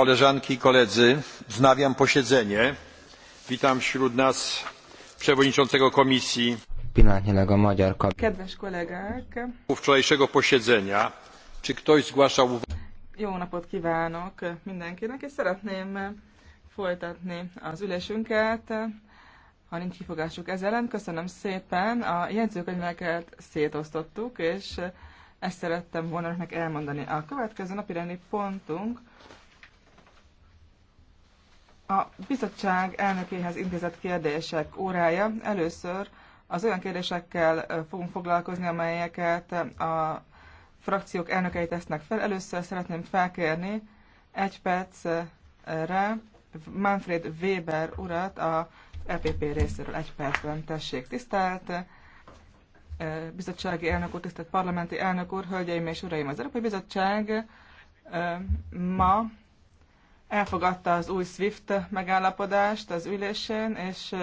koleżanki i koledzy wznawiam posiedzenie. witam wśród nas przewodniczącego komisji kedves kollégák wczorajszego posiedzenia. czy ktoś zgłasza Jó napot kívánok mindenkinek, és szeretném folytatni az ülésünket. Ha nincs kifogásuk ellen, köszönöm szépen. A jegyzőkönyveket szétosztottuk, és ezt szerettem volna önöknek elmondani. A következő napi rendi pontunk a bizottság elnökéhez intézett kérdések órája először az olyan kérdésekkel fogunk foglalkozni, amelyeket a frakciók elnökei tesznek fel. Először szeretném felkérni egy percre Manfred Weber urat a EPP részéről egy percben tessék. Tisztelt bizottsági elnök úr, tisztelt parlamenti elnök úr, hölgyeim és uraim, az Európai Bizottság ma elfogadta az új SWIFT megállapodást az ülésén, és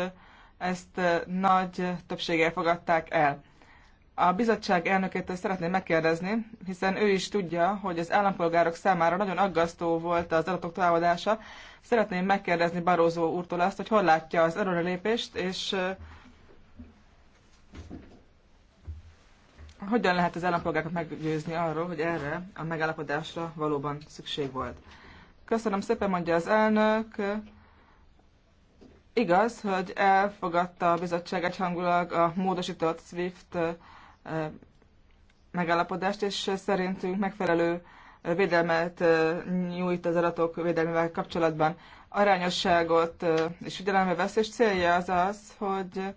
ezt nagy többséggel fogadták el. A bizottság elnökétől szeretném megkérdezni, hiszen ő is tudja, hogy az állampolgárok számára nagyon aggasztó volt az adatok továbbadása. Szeretném megkérdezni Barózó úrtól azt, hogy hol látja az előrelépést, és hogyan lehet az állampolgárokat meggyőzni arról, hogy erre a megállapodásra valóban szükség volt. Köszönöm szépen, mondja az elnök. Igaz, hogy elfogadta a bizottság egyhangulag a módosított SWIFT eh, megállapodást, és szerintünk megfelelő védelmet eh, nyújt az adatok védelmével kapcsolatban. Arányosságot és eh, figyelembe vesz, és célja az az, hogy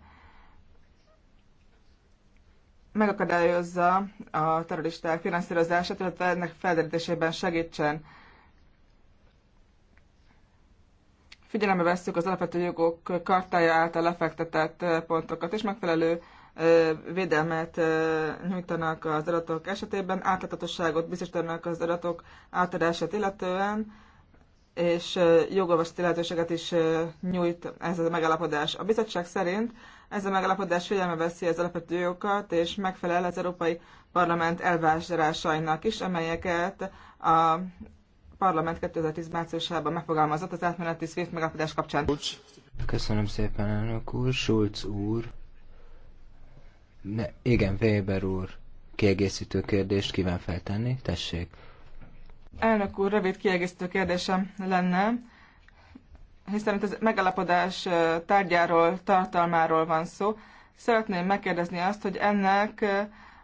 megakadályozza a terroristák finanszírozását, illetve ennek felderítésében segítsen. figyelembe vesszük az alapvető jogok kartája által lefektetett pontokat, és megfelelő védelmet nyújtanak az adatok esetében, átláthatóságot biztosítanak az adatok átadását illetően, és jogolvasati lehetőséget is nyújt ez a megállapodás. A bizottság szerint ez a megállapodás figyelme veszi az alapvető jogokat, és megfelel az Európai Parlament elvásárásainak is, amelyeket a parlament 2010 márciusában megfogalmazott az átmeneti SWIFT megállapodás kapcsán. Köszönöm szépen, elnök úr. Schulz úr. Ne, igen, Weber úr. Kiegészítő kérdést kíván feltenni. Tessék. Elnök úr, rövid kiegészítő kérdésem lenne, hiszen itt a megállapodás tárgyáról, tartalmáról van szó. Szeretném megkérdezni azt, hogy ennek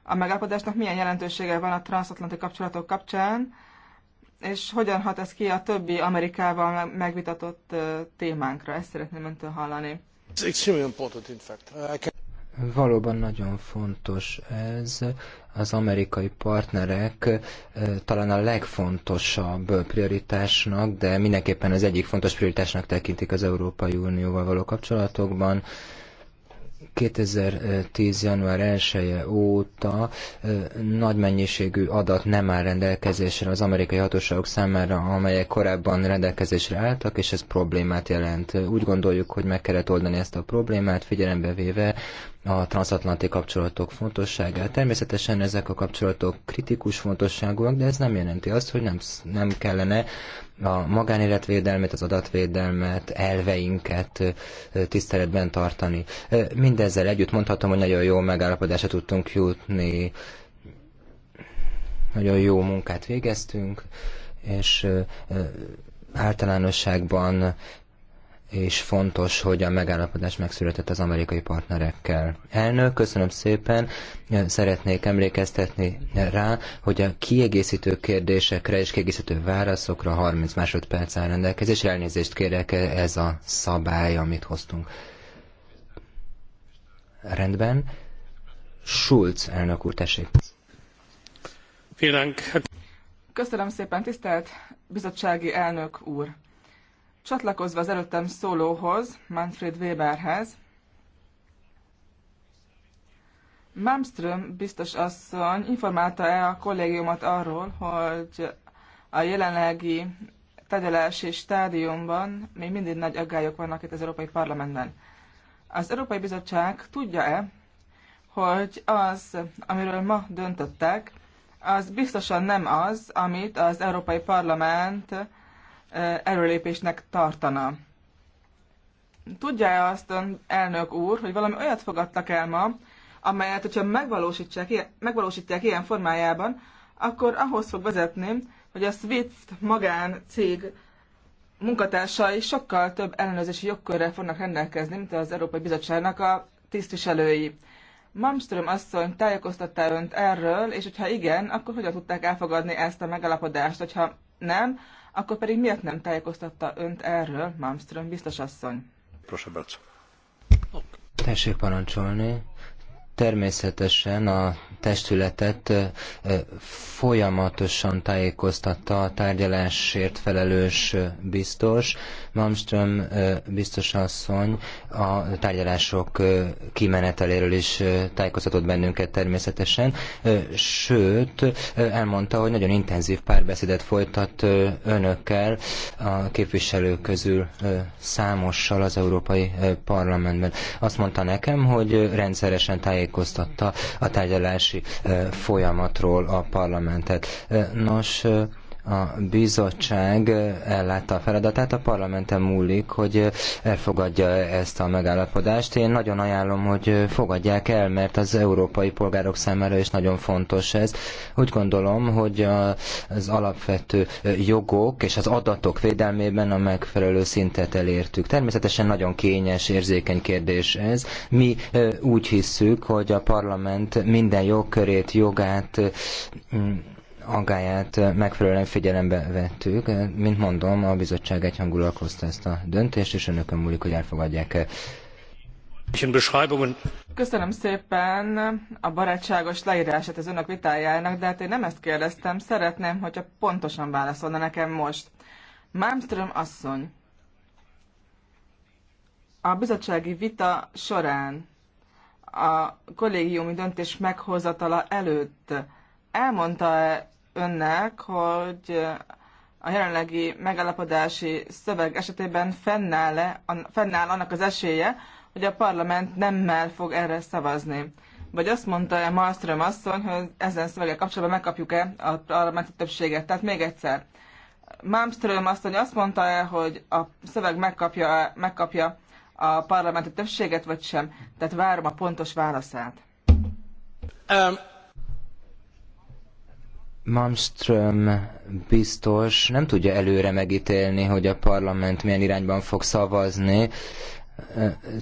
a megállapodásnak milyen jelentősége van a transatlanti kapcsolatok kapcsán, és hogyan hat ez ki a többi Amerikával megvitatott témánkra? Ezt szeretném öntől hallani. Valóban nagyon fontos ez. Az amerikai partnerek talán a legfontosabb prioritásnak, de mindenképpen az egyik fontos prioritásnak tekintik az Európai Unióval való kapcsolatokban 2010. január 1 -e óta nagy mennyiségű adat nem áll rendelkezésre az amerikai hatóságok számára, amelyek korábban rendelkezésre álltak, és ez problémát jelent. Úgy gondoljuk, hogy meg kellett oldani ezt a problémát, figyelembe véve a transatlanti kapcsolatok fontosságát. Természetesen ezek a kapcsolatok kritikus fontosságúak, de ez nem jelenti azt, hogy nem, nem kellene a magánéletvédelmet, az adatvédelmet, elveinket tiszteletben tartani. Mindezzel együtt mondhatom, hogy nagyon jó megállapodásra tudtunk jutni, nagyon jó munkát végeztünk, és általánosságban és fontos, hogy a megállapodás megszületett az amerikai partnerekkel. Elnök, köszönöm szépen, szeretnék emlékeztetni rá, hogy a kiegészítő kérdésekre és kiegészítő válaszokra 30 másodperc áll rendelkezésre. Elnézést kérek, ez a szabály, amit hoztunk. Rendben. Schulz elnök úr, tessék. Hát- köszönöm szépen, tisztelt bizottsági elnök úr! Csatlakozva az előttem szólóhoz, Manfred Weberhez, Malmström biztos asszony informálta-e a kollégiumot arról, hogy a jelenlegi tegyelási stádiumban még mindig nagy aggályok vannak itt az Európai Parlamentben. Az Európai Bizottság tudja-e, hogy az, amiről ma döntöttek, az biztosan nem az, amit az Európai Parlament előlépésnek tartana. Tudja-e azt, elnök úr, hogy valami olyat fogadtak el ma, amelyet, hogyha megvalósítják, megvalósítják ilyen formájában, akkor ahhoz fog vezetni, hogy a Swift magán cég munkatársai sokkal több ellenőrzési jogkörrel fognak rendelkezni, mint az Európai Bizottságnak a tisztviselői. Malmström asszony tájékoztatta önt erről, és hogyha igen, akkor hogyan tudták elfogadni ezt a megalapodást? Hogyha nem, akkor pedig miért nem tájékoztatta önt erről, Malmström biztos asszony? Tessék parancsolni. Természetesen a testületet folyamatosan tájékoztatta a tárgyalásért felelős biztos. Malmström biztos asszony a tárgyalások kimeneteléről is tájékoztatott bennünket természetesen, sőt elmondta, hogy nagyon intenzív párbeszédet folytat önökkel a képviselők közül számossal az Európai Parlamentben. Azt mondta nekem, hogy rendszeresen tájékoztatta a tárgyalás választási eh, folyamatról a parlamentet. Eh, nos, eh, a bizottság ellátta a feladatát, a parlamenten múlik, hogy elfogadja ezt a megállapodást. Én nagyon ajánlom, hogy fogadják el, mert az európai polgárok számára is nagyon fontos ez. Úgy gondolom, hogy az alapvető jogok és az adatok védelmében a megfelelő szintet elértük. Természetesen nagyon kényes, érzékeny kérdés ez. Mi úgy hisszük, hogy a parlament minden jogkörét, jogát mm, aggáját megfelelően figyelembe vettük. Mint mondom, a bizottság egyhangulag hozta ezt a döntést, és önökön múlik, hogy elfogadják-e. Köszönöm szépen a barátságos leírását az önök vitájának, de hát én nem ezt kérdeztem. Szeretném, hogyha pontosan válaszolna nekem most. Malmström asszony, a bizottsági vita során a kollégiumi döntés meghozatala előtt elmondta -e önnek, hogy a jelenlegi megállapodási szöveg esetében fennáll-e, fennáll annak az esélye, hogy a parlament nemmel fog erre szavazni. Vagy azt mondta-e Malmström asszony, hogy ezen szöveggel kapcsolatban megkapjuk-e a parlamenti többséget. Tehát még egyszer. Malmström asszony azt mondta-e, hogy a szöveg megkapja, megkapja a parlamenti többséget, vagy sem? Tehát várom a pontos válaszát. Um. Malmström biztos nem tudja előre megítélni, hogy a parlament milyen irányban fog szavazni,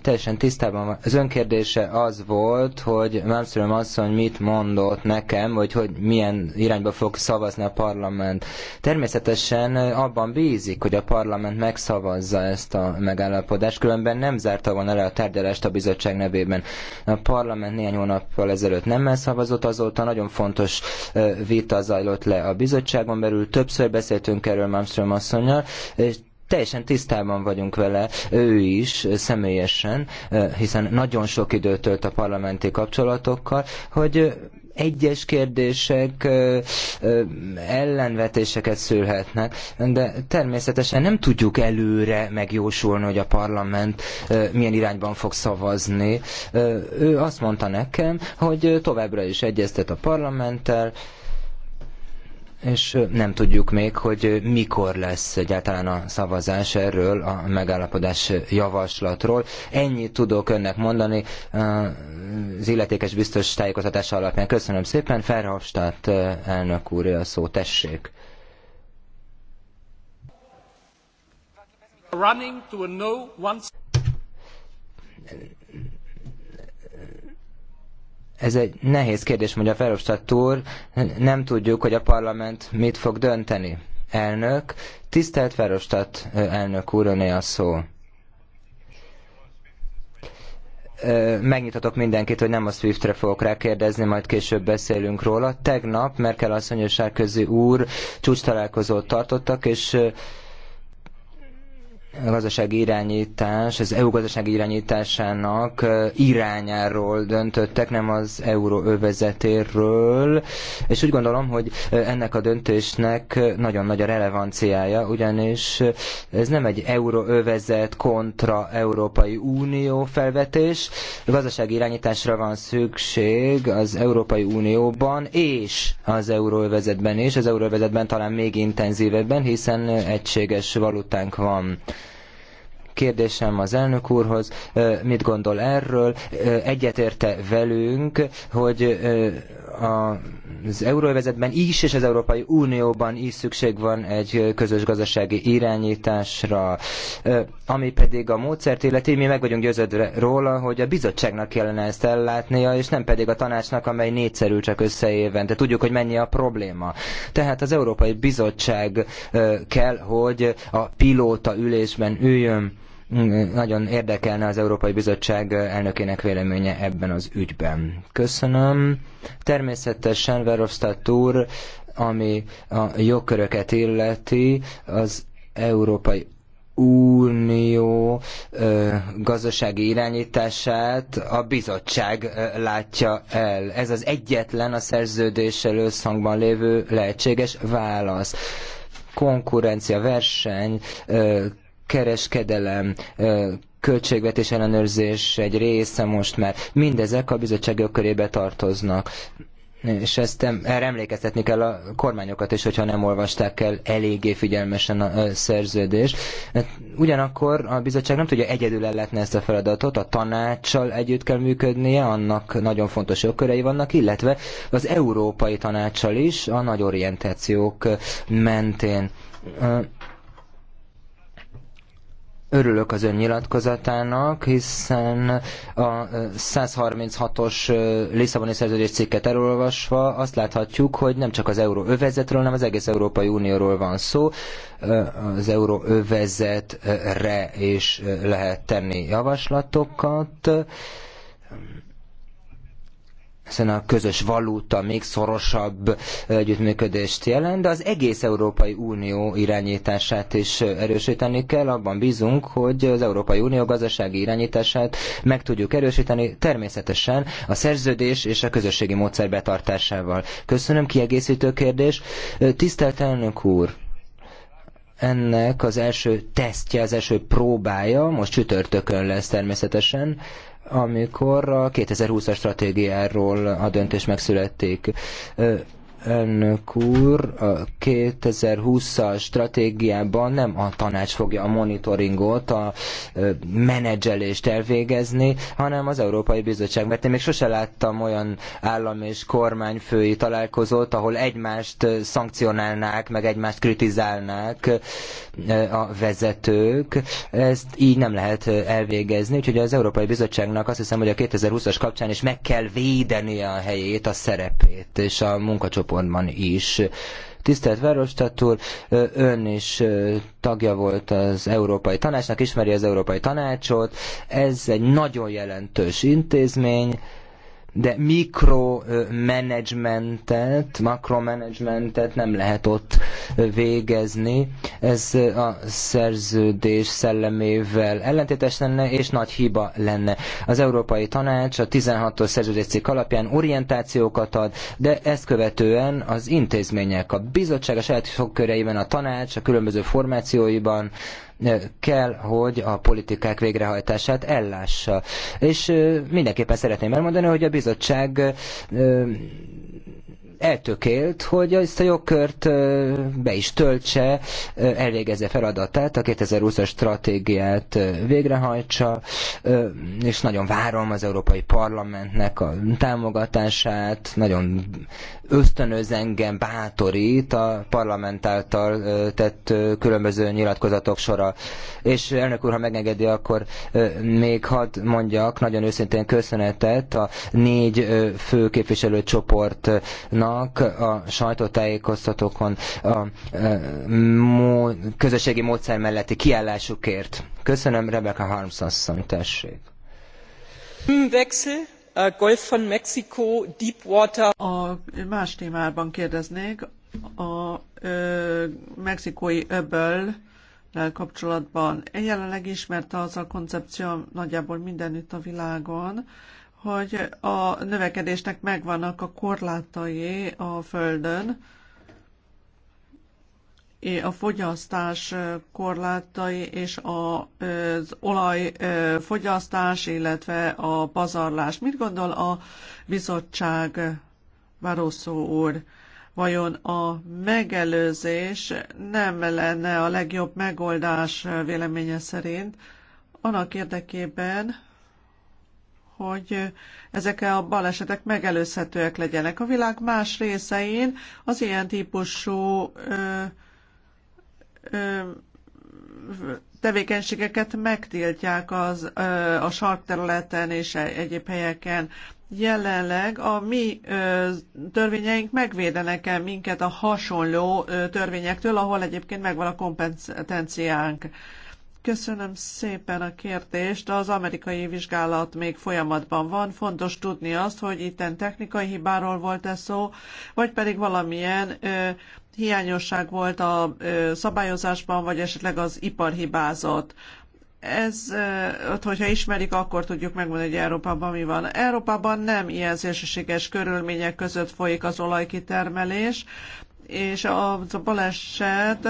teljesen tisztában van. Az önkérdése az volt, hogy Malmström asszony mit mondott nekem, vagy hogy milyen irányba fog szavazni a parlament. Természetesen abban bízik, hogy a parlament megszavazza ezt a megállapodást, különben nem zárta volna le a tárgyalást a bizottság nevében. A parlament néhány hónappal ezelőtt nem elszavazott, azóta nagyon fontos vita zajlott le a bizottságon belül, többször beszéltünk erről Malmström asszonynal, és teljesen tisztában vagyunk vele, ő is személyesen, hiszen nagyon sok időt tölt a parlamenti kapcsolatokkal, hogy egyes kérdések ellenvetéseket szülhetnek, de természetesen nem tudjuk előre megjósolni, hogy a parlament milyen irányban fog szavazni. Ő azt mondta nekem, hogy továbbra is egyeztet a parlamenttel, és nem tudjuk még, hogy mikor lesz egyáltalán a szavazás erről a megállapodás javaslatról. Ennyit tudok önnek mondani az illetékes biztos tájékoztatása alapján. Köszönöm szépen, Ferhofstadt elnök úr, a szó tessék. Running to a no once ez egy nehéz kérdés, mondja Verhofstadt úr. Nem tudjuk, hogy a parlament mit fog dönteni. Elnök, tisztelt Verhofstadt elnök úr, öné a szó. Megnyitatok mindenkit, hogy nem a Swiftre fogok rákérdezni, majd később beszélünk róla. Tegnap Merkel asszony és úr csúcs tartottak, és gazdasági irányítás, az EU gazdasági irányításának irányáról döntöttek, nem az euróövezetéről, és úgy gondolom, hogy ennek a döntésnek nagyon nagy a relevanciája, ugyanis ez nem egy euróövezet kontra Európai Unió felvetés, a gazdasági irányításra van szükség az Európai Unióban és az euróövezetben is, az euróövezetben talán még intenzívebben, hiszen egységes valutánk van. Kérdésem az elnök úrhoz, mit gondol erről, egyetérte velünk, hogy az euróvezetben is és az Európai Unióban is szükség van egy közös gazdasági irányításra, ami pedig a módszert illeti, mi meg vagyunk győződve róla, hogy a bizottságnak kellene ezt ellátnia, és nem pedig a tanácsnak, amely négyszerű csak összeéven, de tudjuk, hogy mennyi a probléma. Tehát az Európai Bizottság kell, hogy a pilóta ülésben üljön. Nagyon érdekelne az Európai Bizottság elnökének véleménye ebben az ügyben. Köszönöm. Természetesen Verhofstadt úr, ami a jogköröket illeti, az Európai Unió ö, gazdasági irányítását a bizottság ö, látja el. Ez az egyetlen a szerződéssel összhangban lévő lehetséges válasz. Konkurencia, verseny, ö, kereskedelem, költségvetés ellenőrzés egy része most már, mindezek a bizottságok körébe tartoznak. És ezt erre emlékeztetni kell a kormányokat is, hogyha nem olvasták el eléggé figyelmesen a szerződést. Hát ugyanakkor a bizottság nem tudja egyedül elletni ezt a feladatot, a tanácssal együtt kell működnie, annak nagyon fontos jogkörei vannak, illetve az európai tanácssal is a nagy orientációk mentén Örülök az ön nyilatkozatának, hiszen a 136-os Lisszaboni szerződés cikket elolvasva azt láthatjuk, hogy nem csak az euróövezetről, hanem az egész Európai Unióról van szó. Az euróövezetre is lehet tenni javaslatokat hiszen a közös valuta még szorosabb együttműködést jelent, de az egész Európai Unió irányítását is erősíteni kell. Abban bízunk, hogy az Európai Unió gazdasági irányítását meg tudjuk erősíteni, természetesen a szerződés és a közösségi módszer betartásával. Köszönöm, kiegészítő kérdés. Tisztelt elnök úr! ennek az első tesztje, az első próbája, most csütörtökön lesz természetesen, amikor a 2020-as stratégiáról a döntés megszületik elnök úr, a 2020-as stratégiában nem a tanács fogja a monitoringot, a menedzselést elvégezni, hanem az Európai Bizottság. Mert én még sose láttam olyan állam és kormányfői találkozót, ahol egymást szankcionálnák, meg egymást kritizálnák a vezetők. Ezt így nem lehet elvégezni, úgyhogy az Európai Bizottságnak azt hiszem, hogy a 2020-as kapcsán is meg kell védenie a helyét, a szerepét és a munkacsoportját csoportban is. Tisztelt Verostat úr, ön is tagja volt az Európai Tanácsnak, ismeri az Európai Tanácsot. Ez egy nagyon jelentős intézmény, de mikromanagementet, makromanagementet nem lehet ott végezni. Ez a szerződés szellemével ellentétes lenne, és nagy hiba lenne. Az Európai Tanács a 16-os szerződéscikk alapján orientációkat ad, de ezt követően az intézmények, a bizottság a saját fogköreiben, a tanács, a különböző formációiban, kell, hogy a politikák végrehajtását ellássa. És mindenképpen szeretném elmondani, hogy a bizottság eltökélt, hogy ezt a jogkört be is töltse, elvégezze feladatát, a 2020-as stratégiát végrehajtsa, és nagyon várom az Európai Parlamentnek a támogatását, nagyon ösztönöz engem, bátorít a parlament által tett különböző nyilatkozatok sora. És elnök úr, ha megengedi, akkor még hadd mondjak nagyon őszintén köszönetet a négy fő képviselőcsoportnak, vannak a sajtótájékoztatókon a e, közösségi módszer melletti kiállásukért. Köszönöm, Rebecca Harms asszony, tessék. Wechsel. Golf von Mexico, Deepwater. A más témában kérdeznék, a ö, e, mexikói öböl kapcsolatban. Jelenleg ismert az a koncepció nagyjából mindenütt a világon, hogy a növekedésnek megvannak a korlátai a Földön, a fogyasztás korlátai és az olajfogyasztás, illetve a pazarlás. Mit gondol a bizottság, Barroso úr? Vajon a megelőzés nem lenne a legjobb megoldás véleménye szerint annak érdekében, hogy ezek a balesetek megelőzhetőek legyenek. A világ más részein az ilyen típusú ö, ö, tevékenységeket megtiltják az, ö, a sarkterületen és e-, egyéb helyeken. Jelenleg a mi ö, törvényeink megvédenek el minket a hasonló ö, törvényektől, ahol egyébként megvan a kompetenciánk. Köszönöm szépen a kérdést. Az amerikai vizsgálat még folyamatban van. Fontos tudni azt, hogy itten technikai hibáról volt-e szó, vagy pedig valamilyen ö, hiányosság volt a ö, szabályozásban, vagy esetleg az ipar hibázott ez, hogyha ismerik, akkor tudjuk megmondani, hogy Európában mi van. Európában nem ilyen szélsőséges körülmények között folyik az olajkitermelés, és a, a baleset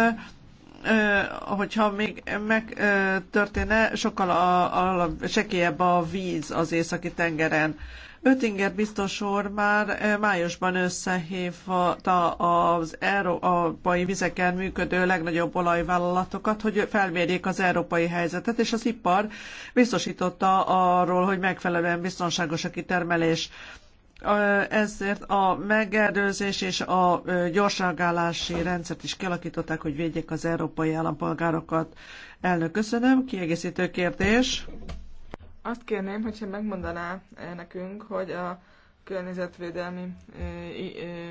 hogyha még megtörténne, sokkal a, a, sekélyebb a víz az északi tengeren. Ötinger biztos úr már májusban összehívta az európai vizeken működő legnagyobb olajvállalatokat, hogy felmérjék az európai helyzetet, és az ipar biztosította arról, hogy megfelelően biztonságos a kitermelés ezért a megelőzés és a gyorsreagálási rendszert is kialakították, hogy védjék az európai állampolgárokat. Elnök, köszönöm. Kiegészítő kérdés. Azt kérném, hogyha megmondaná eh, nekünk, hogy a környezetvédelmi eh, eh,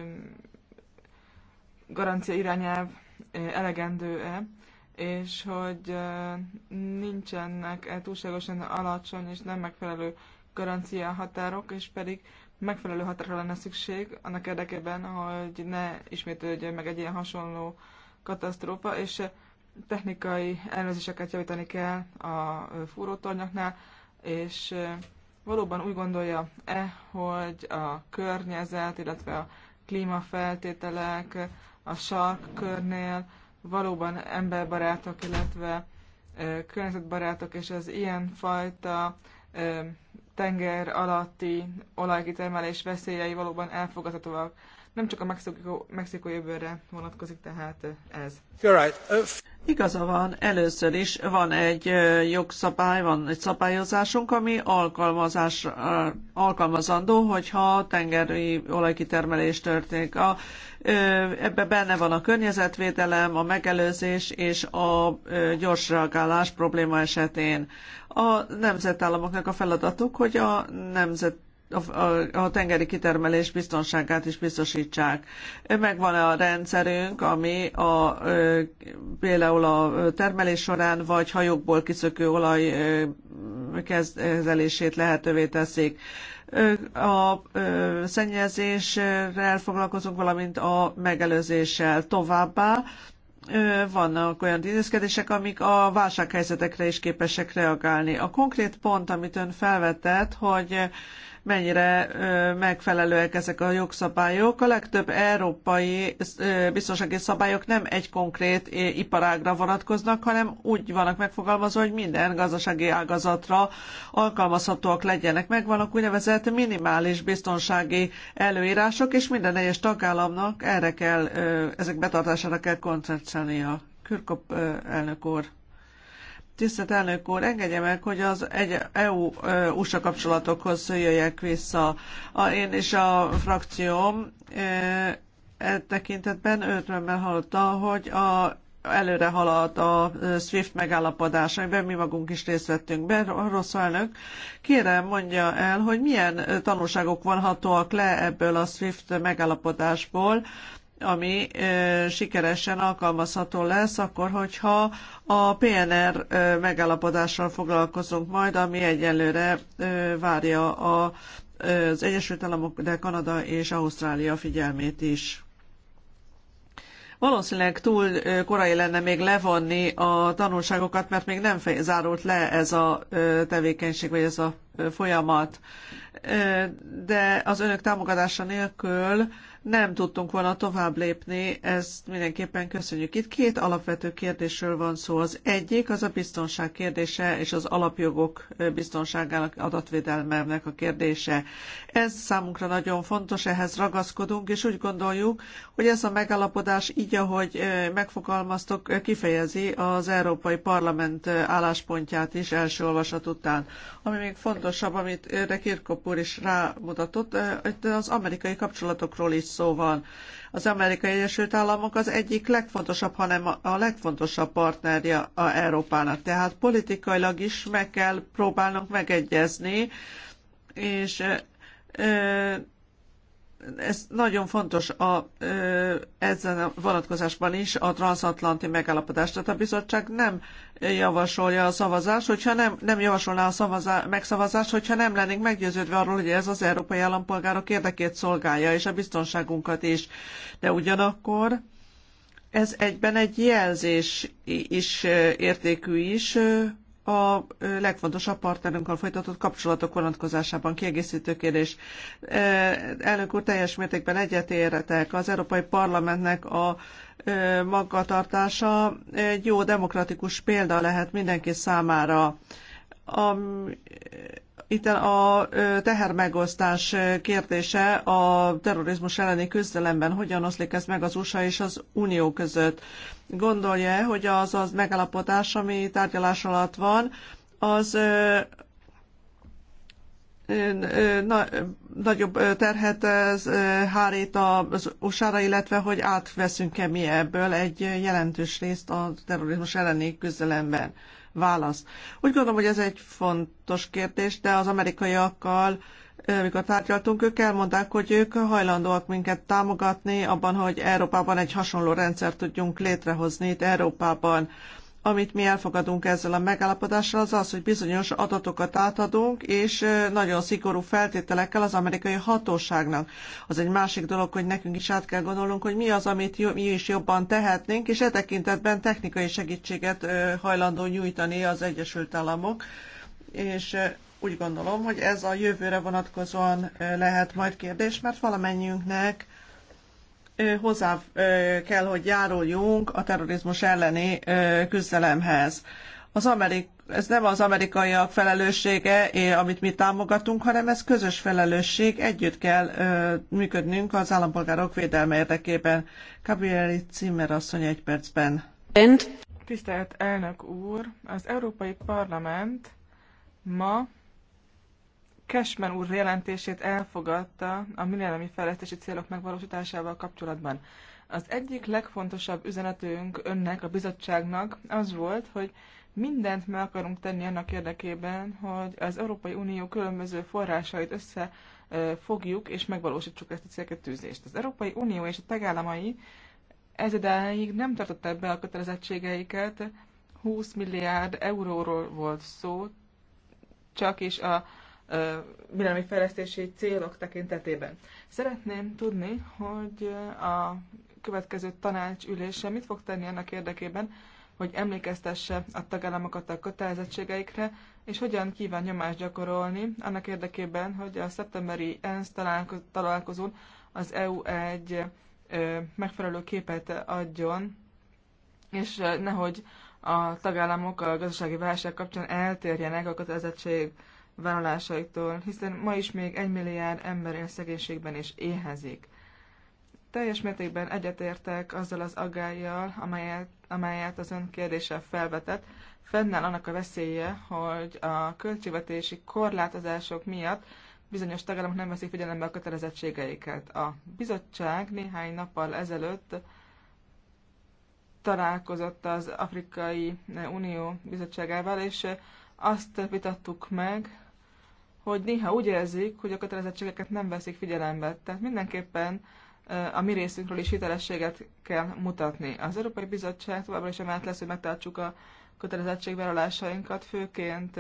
garancia irányelv elegendő-e, és hogy nincsenek túlságosan alacsony és nem megfelelő garancia határok, és pedig megfelelő határra lenne szükség annak érdekében, hogy ne ismétlődjön meg egy ilyen hasonló katasztrófa, és technikai ellenőrzéseket javítani kell a fúrótornyoknál, és valóban úgy gondolja-e, hogy a környezet, illetve a klímafeltételek a körnél valóban emberbarátok, illetve környezetbarátok, és az ilyenfajta tenger alatti olajkitermelés veszélyei valóban elfogadhatóak. Nem csak a Mexikó, Mexikó jövőre vonatkozik tehát ez. You're right. Uh, Igaza van, először is van egy jogszabály, van egy szabályozásunk, ami alkalmazás, alkalmazandó, hogyha tengeri olajkitermelés történik. A, ebbe benne van a környezetvédelem, a megelőzés és a gyors reagálás probléma esetén a nemzetállamoknak a feladatuk, hogy a nemzet a, a tengeri kitermelés biztonságát is biztosítsák. Megvan a rendszerünk, ami a, például a termelés során vagy hajókból kiszökő olaj kezelését lehetővé teszik. A szennyezéssel foglalkozunk, valamint a megelőzéssel továbbá vannak olyan intézkedések, amik a válsághelyzetekre is képesek reagálni. A konkrét pont, amit ön felvetett, hogy mennyire megfelelőek ezek a jogszabályok. A legtöbb európai biztonsági szabályok nem egy konkrét iparágra vonatkoznak, hanem úgy vannak megfogalmazva, hogy minden gazdasági ágazatra alkalmazhatóak legyenek. Megvannak úgynevezett minimális biztonsági előírások, és minden egyes tagállamnak erre kell, ezek betartására kell koncentrálnia. Kürkop elnök úr. Tisztelt elnök úr, engedje meg, hogy az EU-USA e e kapcsolatokhoz jöjjek vissza. A, én és a frakcióm e, e tekintetben örömmel hallotta, hogy a előre a SWIFT megállapodás, amiben mi magunk is részt vettünk be. Rossz elnök, kérem mondja el, hogy milyen tanulságok vonhatóak le ebből a SWIFT megállapodásból, ami sikeresen alkalmazható lesz akkor, hogyha a PNR megállapodással foglalkozunk majd, ami egyelőre várja a, az Egyesült Államok, de Kanada és Ausztrália figyelmét is. Valószínűleg túl korai lenne még levonni a tanulságokat, mert még nem fej, zárult le ez a tevékenység, vagy ez a folyamat. De az önök támogatása nélkül nem tudtunk volna tovább lépni, ezt mindenképpen köszönjük. Itt két alapvető kérdésről van szó. Az egyik az a biztonság kérdése és az alapjogok biztonságának adatvédelmemnek a kérdése. Ez számunkra nagyon fontos, ehhez ragaszkodunk, és úgy gondoljuk, hogy ez a megállapodás így, ahogy megfogalmaztok, kifejezi az Európai Parlament álláspontját is első olvasat után. Ami még fontosabb, amit Rekirkop úr is rámutatott, az amerikai kapcsolatokról is szó van. Az Amerikai Egyesült Államok az egyik legfontosabb, hanem a legfontosabb partnerje a Európának. Tehát politikailag is meg kell próbálnunk megegyezni, és ez nagyon fontos a, ezen a vonatkozásban is a transatlanti megállapodást. Tehát a bizottság nem javasolja a szavazás, hogyha nem, nem javasolná a szavazá, megszavazást, hogyha nem lennénk meggyőződve arról, hogy ez az európai állampolgárok érdekét szolgálja, és a biztonságunkat is. De ugyanakkor ez egyben egy jelzés is értékű is, a legfontosabb partnerünkkel folytatott kapcsolatok vonatkozásában kiegészítő kérdés. Elnök úr, teljes mértékben egyetértek. Az Európai Parlamentnek a magatartása egy jó demokratikus példa lehet mindenki számára. A, itt a tehermegosztás kérdése a terrorizmus elleni küzdelemben hogyan oszlik ez meg az USA és az Unió között. Gondolja, hogy az az megállapodás, ami tárgyalás alatt van, az na, nagyobb terhet ez hárít az usa illetve hogy átveszünk-e mi ebből egy jelentős részt a terrorizmus elleni küzdelemben válasz. Úgy gondolom, hogy ez egy fontos kérdés, de az amerikaiakkal amikor tárgyaltunk, ők elmondták, hogy ők hajlandóak minket támogatni abban, hogy Európában egy hasonló rendszert tudjunk létrehozni itt Európában amit mi elfogadunk ezzel a megállapodással, az az, hogy bizonyos adatokat átadunk, és nagyon szigorú feltételekkel az amerikai hatóságnak. Az egy másik dolog, hogy nekünk is át kell gondolnunk, hogy mi az, amit mi is jobban tehetnénk, és e tekintetben technikai segítséget hajlandó nyújtani az Egyesült Államok. És úgy gondolom, hogy ez a jövőre vonatkozóan lehet majd kérdés, mert valamennyiünknek hozzá kell, hogy járuljunk a terrorizmus elleni küzdelemhez. Az Amerik- ez nem az amerikaiak felelőssége, amit mi támogatunk, hanem ez közös felelősség, együtt kell működnünk az állampolgárok védelme érdekében. Gabrieli Zimmer asszony egy percben. Tisztelt elnök úr, az Európai Parlament ma Cashman úr jelentését elfogadta a milleniumi fejlesztési célok megvalósításával kapcsolatban. Az egyik legfontosabb üzenetünk önnek, a bizottságnak az volt, hogy mindent meg akarunk tenni annak érdekében, hogy az Európai Unió különböző forrásait összefogjuk és megvalósítsuk ezt a célkötőzést. Az Európai Unió és a tagállamai ez idáig nem tartották be a kötelezettségeiket, 20 milliárd euróról volt szó, csak is a fejlesztési célok tekintetében. Szeretném tudni, hogy a következő tanács ülése mit fog tenni ennek érdekében, hogy emlékeztesse a tagállamokat a kötelezettségeikre, és hogyan kíván nyomást gyakorolni annak érdekében, hogy a szeptemberi ENSZ találkozón az EU egy megfelelő képet adjon, és nehogy a tagállamok a gazdasági válság kapcsán eltérjenek a kötelezettség vállalásaiktól, hiszen ma is még egy milliárd ember él szegénységben és éhezik. Teljes mértékben egyetértek azzal az aggájjal, amelyet, amelyet az ön kérdéssel felvetett. Fennáll annak a veszélye, hogy a költségvetési korlátozások miatt bizonyos tagállamok nem veszik figyelembe a kötelezettségeiket. A bizottság néhány nappal ezelőtt találkozott az Afrikai Unió bizottságával, és azt vitattuk meg, hogy néha úgy érzik, hogy a kötelezettségeket nem veszik figyelembe. Tehát mindenképpen a mi részünkről is hitelességet kell mutatni. Az Európai Bizottság továbbra is emelt lesz, hogy megtartsuk a kötelezettségvállalásainkat, főként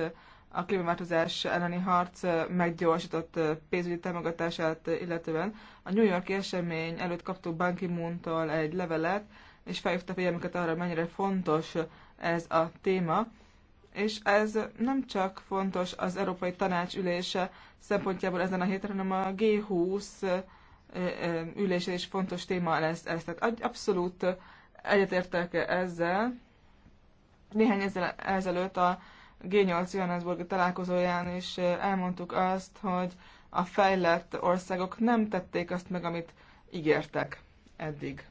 a klímaváltozás elleni harc meggyorsított pénzügyi támogatását illetően. A New Yorki esemény előtt kaptuk Banki Muntól egy levelet, és felhívta figyelmüket arra, mennyire fontos ez a téma és ez nem csak fontos az Európai Tanács ülése szempontjából ezen a héten, hanem a G20 ülése is fontos téma lesz ez. Tehát abszolút egyetértek ezzel. Néhány ezzel ezelőtt a G8 Johannesburg találkozóján is elmondtuk azt, hogy a fejlett országok nem tették azt meg, amit ígértek eddig.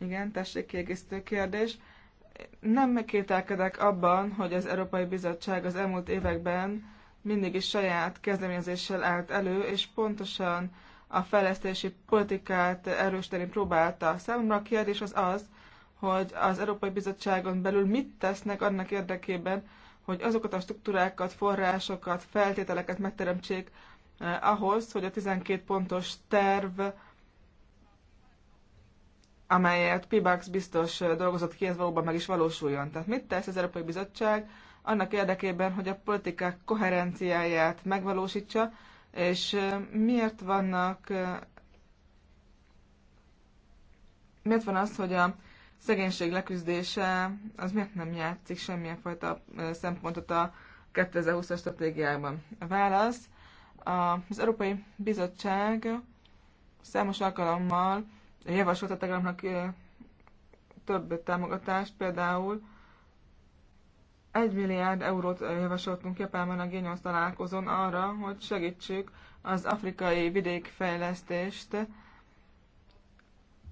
Igen, tessék kiegészítő kérdés nem kételkedek abban, hogy az Európai Bizottság az elmúlt években mindig is saját kezdeményezéssel állt elő, és pontosan a fejlesztési politikát erősíteni próbálta. Számomra a kérdés az az, hogy az Európai Bizottságon belül mit tesznek annak érdekében, hogy azokat a struktúrákat, forrásokat, feltételeket megteremtsék eh, ahhoz, hogy a 12 pontos terv amelyet Pibax biztos dolgozott ki, ez valóban meg is valósuljon. Tehát mit tesz az Európai Bizottság annak érdekében, hogy a politikák koherenciáját megvalósítsa, és miért vannak miért van az, hogy a szegénység leküzdése az miért nem játszik semmilyen fajta szempontot a 2020-as stratégiában? A válasz, az Európai Bizottság számos alkalommal javasolt a tagállamnak több támogatást, például 1 milliárd eurót javasoltunk Japánban a G8 találkozón arra, hogy segítsük az afrikai vidékfejlesztést,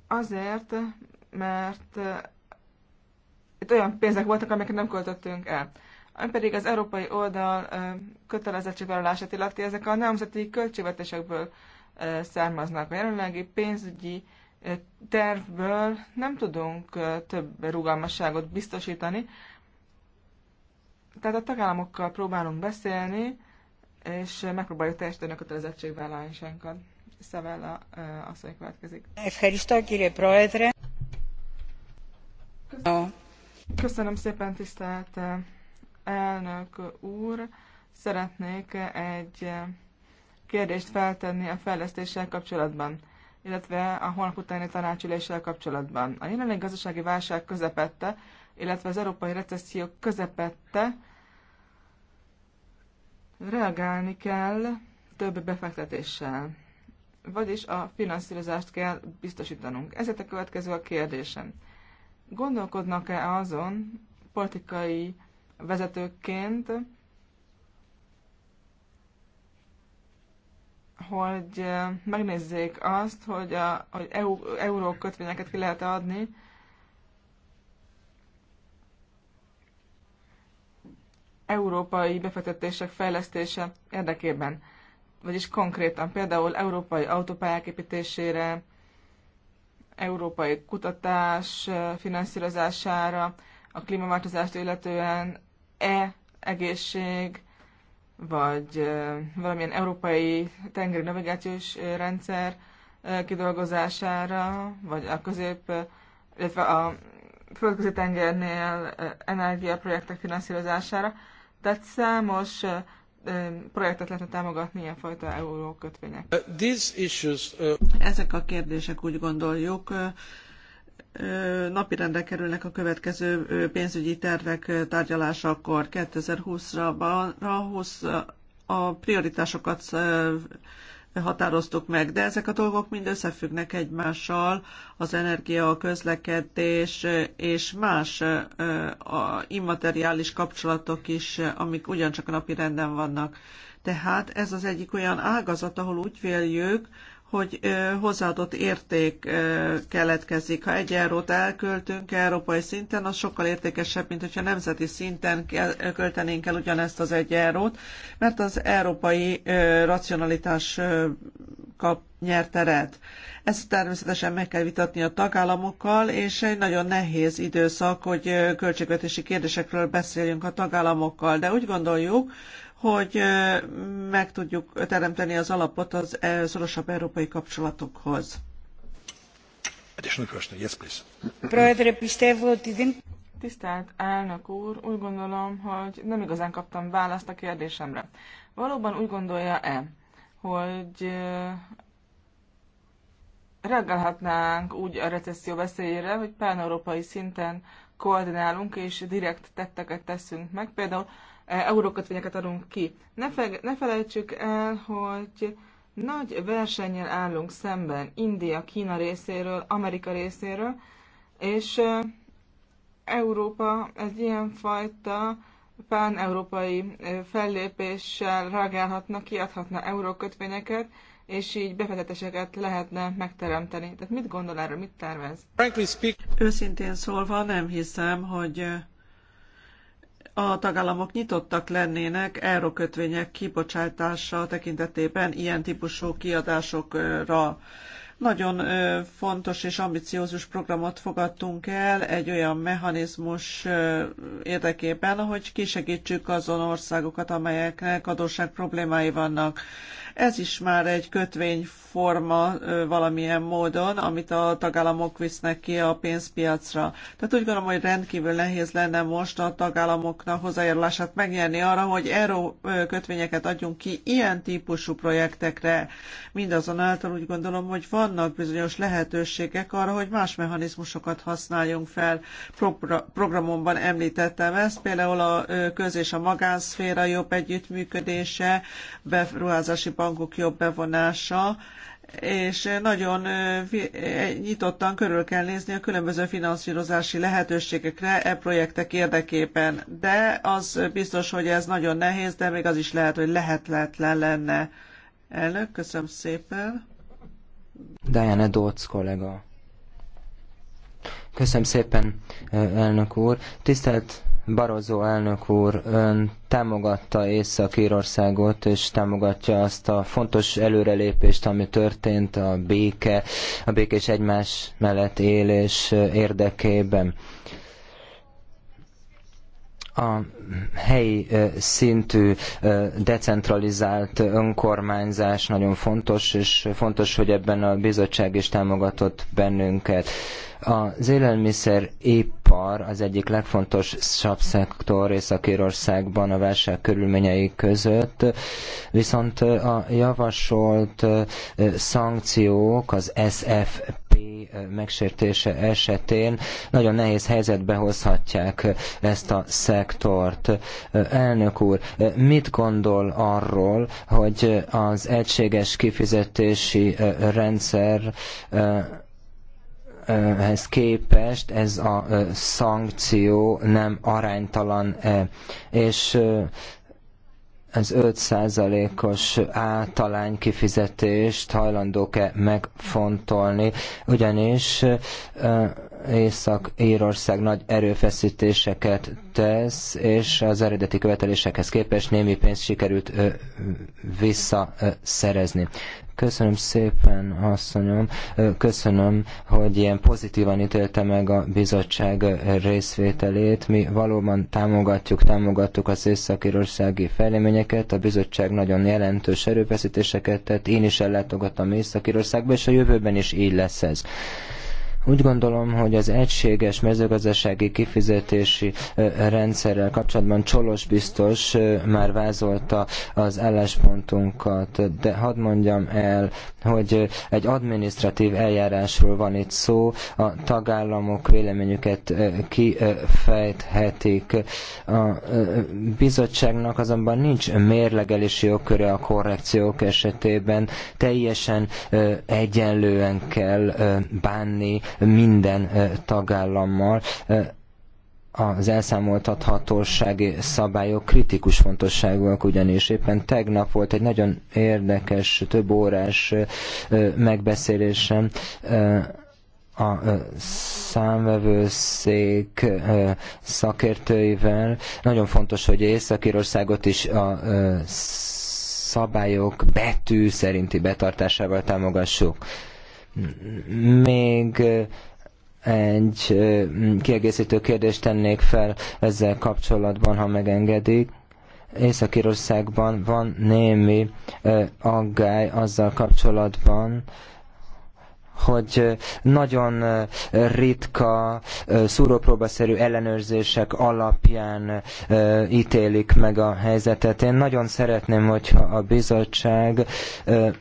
azért, mert itt olyan pénzek voltak, amiket nem költöttünk el. Ami pedig az európai oldal kötelezettségvállalását illeti, ezek a nemzeti költségvetésekből származnak. A jelenlegi pénzügyi tervből nem tudunk több rugalmasságot biztosítani. Tehát a tagállamokkal próbálunk beszélni, és megpróbáljuk teljesíteni a kötelezettségvállalásánkat. Szavella asszony következik. Köszönöm szépen, tisztelt elnök úr. Szeretnék egy kérdést feltenni a fejlesztéssel kapcsolatban illetve a holnap utáni tanácsüléssel kapcsolatban. A jelenlegi gazdasági válság közepette, illetve az európai recesszió közepette reagálni kell több befektetéssel. Vagyis a finanszírozást kell biztosítanunk. Ezért a következő a kérdésem. Gondolkodnak-e azon politikai vezetőként, hogy megnézzék azt, hogy, a, hogy EU, euró kötvényeket ki lehet adni, európai befektetések fejlesztése érdekében. Vagyis konkrétan például európai autópályák építésére, európai kutatás finanszírozására, a klímaváltozást illetően e egészség, vagy valamilyen európai tengeri navigációs rendszer kidolgozására, vagy a közép, illetve a földközi tengernél energiaprojektek finanszírozására. Tehát számos projektet lehetne támogatni ilyenfajta euró kötvények. Ezek a kérdések úgy gondoljuk napirendre kerülnek a következő pénzügyi tervek tárgyalásakor 2020-ra a prioritásokat határoztuk meg, de ezek a dolgok mind összefüggnek egymással, az energia, a közlekedés és más a immateriális kapcsolatok is, amik ugyancsak a napi renden vannak. Tehát ez az egyik olyan ágazat, ahol úgy véljük, hogy hozzáadott érték keletkezik. Ha egy eurót elköltünk európai szinten, az sokkal értékesebb, mint hogyha nemzeti szinten költenénk el ugyanezt az egy eurót, mert az európai racionalitás kap nyerteret. teret. Ezt természetesen meg kell vitatni a tagállamokkal, és egy nagyon nehéz időszak, hogy költségvetési kérdésekről beszéljünk a tagállamokkal, de úgy gondoljuk, hogy meg tudjuk teremteni az alapot az szorosabb európai kapcsolatokhoz. Tisztelt elnök úr, úgy gondolom, hogy nem igazán kaptam választ a kérdésemre. Valóban úgy gondolja-e, hogy reagálhatnánk úgy a recesszió veszélyére, hogy pán-európai szinten koordinálunk és direkt tetteket teszünk meg, például eurókötvényeket adunk ki. Ne, fe, ne felejtsük el, hogy nagy versennyel állunk szemben India, Kína részéről, Amerika részéről, és Európa egy fajta pán-európai fellépéssel reagálhatna, kiadhatna eurókötvényeket, és így befektetéseket lehetne megteremteni. Tehát mit gondol erről, mit tervez? Őszintén szólva nem hiszem, hogy a tagállamok nyitottak lennének eurókötvények kibocsátása tekintetében ilyen típusú kiadásokra. Nagyon fontos és ambiciózus programot fogadtunk el egy olyan mechanizmus érdekében, hogy kisegítsük azon országokat, amelyeknek adósság problémái vannak. Ez is már egy kötvényforma valamilyen módon, amit a tagállamok visznek ki a pénzpiacra. Tehát úgy gondolom, hogy rendkívül nehéz lenne most a tagállamoknak hozzájárulását megnyerni arra, hogy euró kötvényeket adjunk ki ilyen típusú projektekre. Mindazonáltal úgy gondolom, hogy vannak bizonyos lehetőségek arra, hogy más mechanizmusokat használjunk fel. programomban említettem ezt, például a köz és a magánszféra jobb együttműködése, beruházási bankok jobb bevonása, és nagyon nyitottan körül kell nézni a különböző finanszírozási lehetőségekre e projektek érdekében. De az biztos, hogy ez nagyon nehéz, de még az is lehet, hogy lehetetlen lenne. Elnök, köszönöm szépen. Diana Dodds kollega. Köszönöm szépen, elnök úr. Tisztelt Barozó elnök úr, ön támogatta Észak-Írországot, és támogatja azt a fontos előrelépést, ami történt a béke, a békés egymás mellett élés érdekében a helyi szintű decentralizált önkormányzás nagyon fontos, és fontos, hogy ebben a bizottság is támogatott bennünket. Az ipar az egyik legfontosabb szektor Észak-Írországban a válság körülményei között, viszont a javasolt szankciók az SFP megsértése esetén nagyon nehéz helyzetbe hozhatják ezt a szektort. Elnök úr, mit gondol arról, hogy az egységes kifizetési rendszer ehhez képest ez a szankció nem aránytalan, és az 5%-os általány kifizetést hajlandók-e megfontolni, ugyanis Észak-Írország nagy erőfeszítéseket tesz, és az eredeti követelésekhez képest némi pénzt sikerült visszaszerezni. Köszönöm szépen, asszonyom. Köszönöm, hogy ilyen pozitívan ítélte meg a bizottság részvételét. Mi valóban támogatjuk, támogattuk az északirországi fejleményeket. A bizottság nagyon jelentős erőfeszítéseket tett. Én is ellátogattam észak-írországba, és a jövőben is így lesz ez. Úgy gondolom, hogy az egységes mezőgazdasági kifizetési rendszerrel kapcsolatban Csolos biztos már vázolta az álláspontunkat, de hadd mondjam el, hogy egy administratív eljárásról van itt szó, a tagállamok véleményüket kifejthetik. A bizottságnak azonban nincs mérlegelési jogköre a korrekciók esetében, teljesen egyenlően kell bánni minden tagállammal az elszámoltathatósági szabályok kritikus fontosságúak, ugyanis éppen tegnap volt egy nagyon érdekes, több órás megbeszélésem a számvevőszék szakértőivel. Nagyon fontos, hogy Észak-Írországot is a szabályok betű szerinti betartásával támogassuk. Még egy kiegészítő kérdést tennék fel ezzel kapcsolatban, ha megengedik. Észak-Írországban van némi aggály azzal kapcsolatban, hogy nagyon ritka szúrópróbaszerű ellenőrzések alapján ítélik meg a helyzetet. Én nagyon szeretném, hogyha a bizottság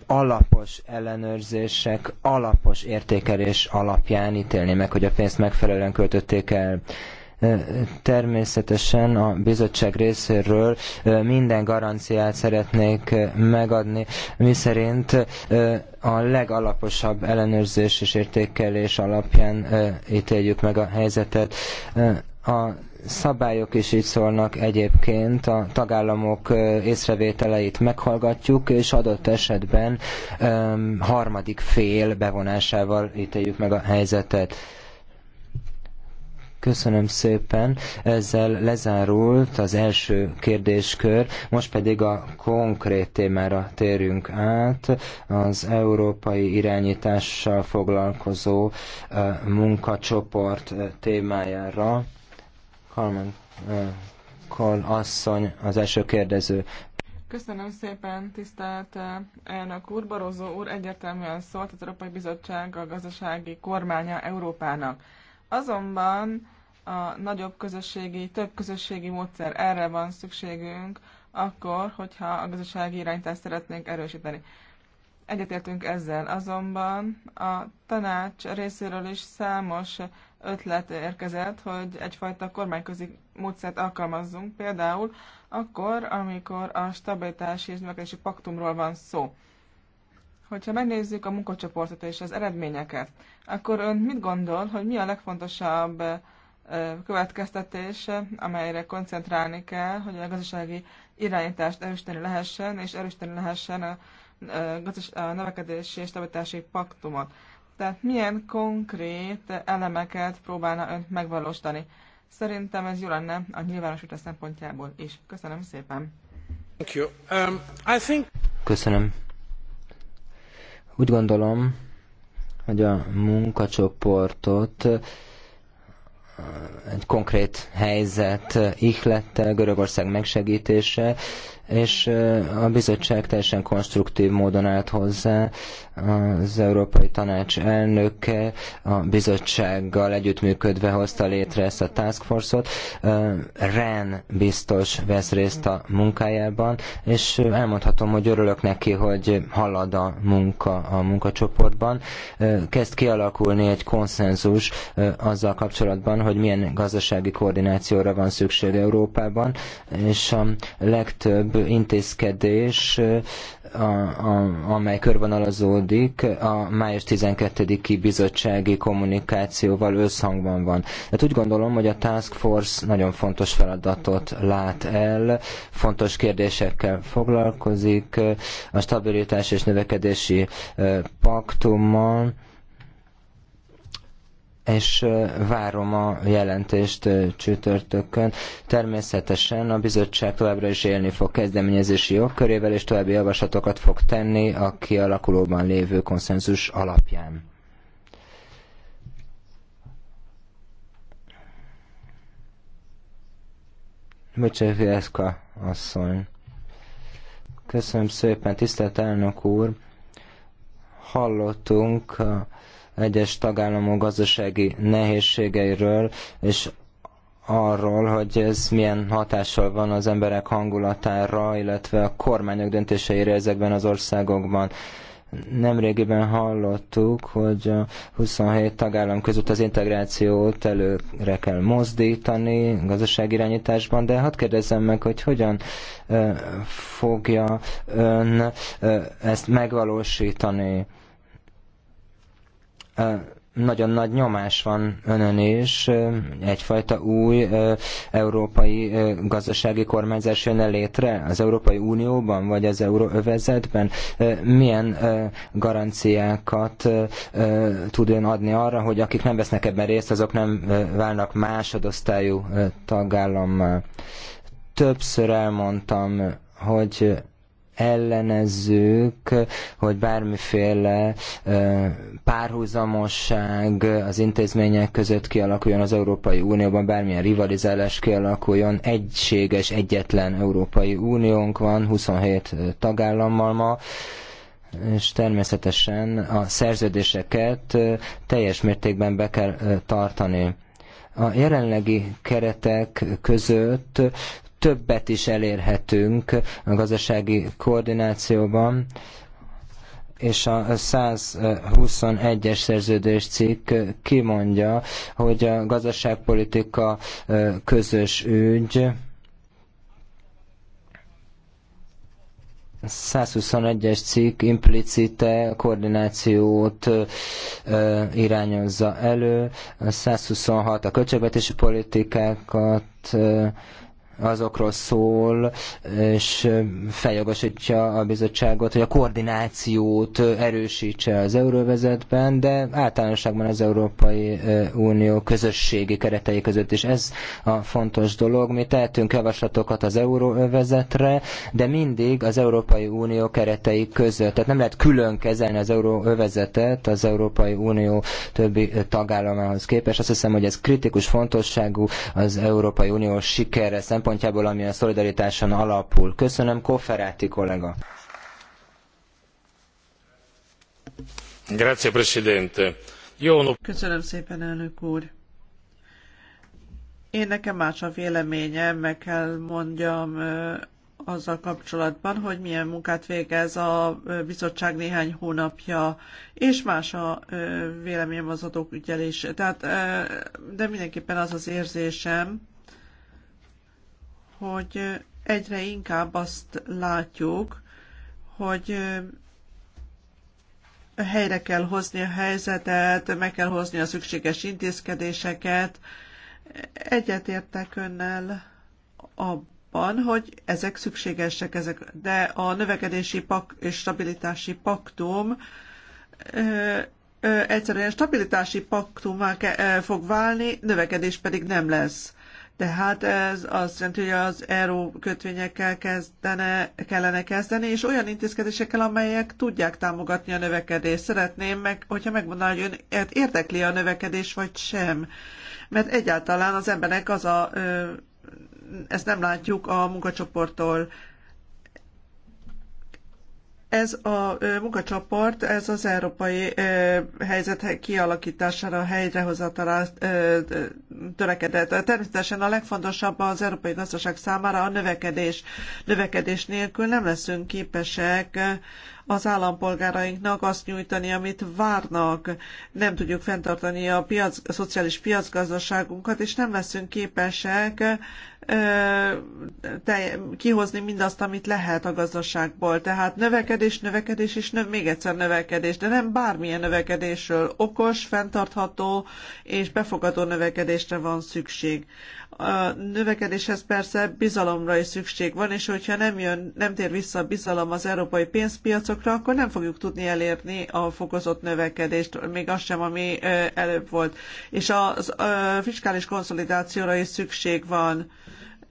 alapos ellenőrzések, alapos értékelés alapján ítélné meg, hogy a pénzt megfelelően költötték el. Természetesen a bizottság részéről minden garanciát szeretnék megadni, miszerint a legalaposabb ellenőrzés és értékelés alapján ítéljük meg a helyzetet. A szabályok is így szólnak egyébként, a tagállamok észrevételeit meghallgatjuk, és adott esetben harmadik fél bevonásával ítéljük meg a helyzetet. Köszönöm szépen. Ezzel lezárult az első kérdéskör, most pedig a konkrét témára térünk át, az európai irányítással foglalkozó munkacsoport témájára. Kalman Kol asszony az első kérdező. Köszönöm szépen, tisztelt elnök úr. Barozó úr egyértelműen szólt az Európai Bizottság a gazdasági kormánya Európának. Azonban a nagyobb közösségi, több közösségi módszer erre van szükségünk, akkor, hogyha a gazdasági irányítást szeretnénk erősíteni. Egyetértünk ezzel, azonban a tanács részéről is számos ötlet érkezett, hogy egyfajta kormányközi módszert alkalmazzunk, például akkor, amikor a stabilitási és növekedési paktumról van szó. Hogyha megnézzük a munkacsoportot és az eredményeket, akkor ön mit gondol, hogy mi a legfontosabb következtetés, amelyre koncentrálni kell, hogy a gazdasági irányítást erősíteni lehessen, és erősíteni lehessen a, a növekedési és stabilitási paktumot. Tehát milyen konkrét elemeket próbálna ön megvalósítani? Szerintem ez jó lenne a utas szempontjából is. Köszönöm szépen. Thank you. Um, I think... Köszönöm. Úgy gondolom, hogy a munkacsoportot egy konkrét helyzet eh, ihlette Görögország megsegítése, és a bizottság teljesen konstruktív módon állt hozzá az Európai Tanács elnöke, a bizottsággal együttműködve hozta létre ezt a task force-ot. Ren biztos vesz részt a munkájában, és elmondhatom, hogy örülök neki, hogy halad a munka a munkacsoportban. Kezd kialakulni egy konszenzus azzal kapcsolatban, hogy milyen gazdasági koordinációra van szükség Európában, és a legtöbb több intézkedés, a, a, amely körvonalazódik, a május 12-i bizottsági kommunikációval összhangban van. Tehát úgy gondolom, hogy a Task Force nagyon fontos feladatot lát el, fontos kérdésekkel foglalkozik, a stabilitás és növekedési paktummal, és várom a jelentést csütörtökön. Természetesen a bizottság továbbra is élni fog kezdeményezési jogkörével, és további javaslatokat fog tenni a kialakulóban lévő konszenzus alapján. Bocsájféleszka asszony. Köszönöm szépen, tisztelt elnök úr. Hallottunk a egyes tagállamok gazdasági nehézségeiről, és arról, hogy ez milyen hatással van az emberek hangulatára, illetve a kormányok döntéseire ezekben az országokban. Nemrégiben hallottuk, hogy a 27 tagállam között az integrációt előre kell mozdítani gazdaságirányításban, de hadd kérdezzem meg, hogy hogyan fogja ön ezt megvalósítani nagyon nagy nyomás van önön is, egyfajta új európai gazdasági kormányzás jönne létre az Európai Unióban, vagy az Euróövezetben. Milyen garanciákat tud ön adni arra, hogy akik nem vesznek ebben részt, azok nem válnak másodosztályú tagállammal? Többször elmondtam, hogy ellenezzük, hogy bármiféle párhuzamosság az intézmények között kialakuljon az Európai Unióban, bármilyen rivalizálás kialakuljon. Egységes, egyetlen Európai Uniónk van, 27 tagállammal ma és természetesen a szerződéseket teljes mértékben be kell tartani. A jelenlegi keretek között többet is elérhetünk a gazdasági koordinációban, és a 121-es szerződés cikk kimondja, hogy a gazdaságpolitika közös ügy, 121-es cikk implicite koordinációt ö, irányozza elő, 126 a költségvetési politikákat ö, azokról szól, és feljogosítja a bizottságot, hogy a koordinációt erősítse az euróvezetben, de általánosságban az Európai Unió közösségi keretei között is. Ez a fontos dolog. Mi tehetünk javaslatokat az euróvezetre, de mindig az Európai Unió keretei között. Tehát nem lehet külön kezelni az euróvezetet az Európai Unió többi tagállamához képest. Azt hiszem, hogy ez kritikus fontosságú az Európai Unió sikere szempontjából szempontjából, ami a szolidaritáson alapul. Köszönöm, Kofferáti kollega. Grazie, Presidente. Jó, Köszönöm szépen, elnök úr. Én nekem más a véleményem, meg kell mondjam azzal kapcsolatban, hogy milyen munkát végez a bizottság néhány hónapja, és más a véleményem az adók ügyelés. Tehát, de mindenképpen az az érzésem, hogy egyre inkább azt látjuk, hogy eh, helyre kell hozni a helyzetet, meg kell hozni a szükséges intézkedéseket. Egyetértek önnel abban, hogy ezek szükségesek, ezek, de a növekedési pak és stabilitási paktum ö, eh, ö, eh, egyszerűen stabilitási paktumá fog válni, növekedés pedig nem lesz. Tehát ez azt jelenti, hogy az euró kötvényekkel kezdene, kellene kezdeni, és olyan intézkedésekkel, amelyek tudják támogatni a növekedést. Szeretném, meg, hogyha megmondaná, hogy ön érdekli a növekedés, vagy sem. Mert egyáltalán az embernek az a, ezt nem látjuk a munkacsoporttól ez a munkacsoport, ez az európai helyzet kialakítására, helyrehozatalára törekedett. Természetesen a legfontosabb az európai gazdaság számára a növekedés. Növekedés nélkül nem leszünk képesek az állampolgárainknak azt nyújtani, amit várnak. Nem tudjuk fenntartani a, piac, a szociális piacgazdaságunkat, és nem leszünk képesek kihozni mindazt, amit lehet a gazdaságból. Tehát növekedés, növekedés és nö- még egyszer növekedés, de nem bármilyen növekedésről. Okos, fenntartható és befogadó növekedésre van szükség. A növekedéshez persze bizalomra is szükség van, és hogyha nem, jön, nem tér vissza a bizalom az európai pénzpiacokra, akkor nem fogjuk tudni elérni a fokozott növekedést, még azt sem, ami előbb volt. És a fiskális konszolidációra is szükség van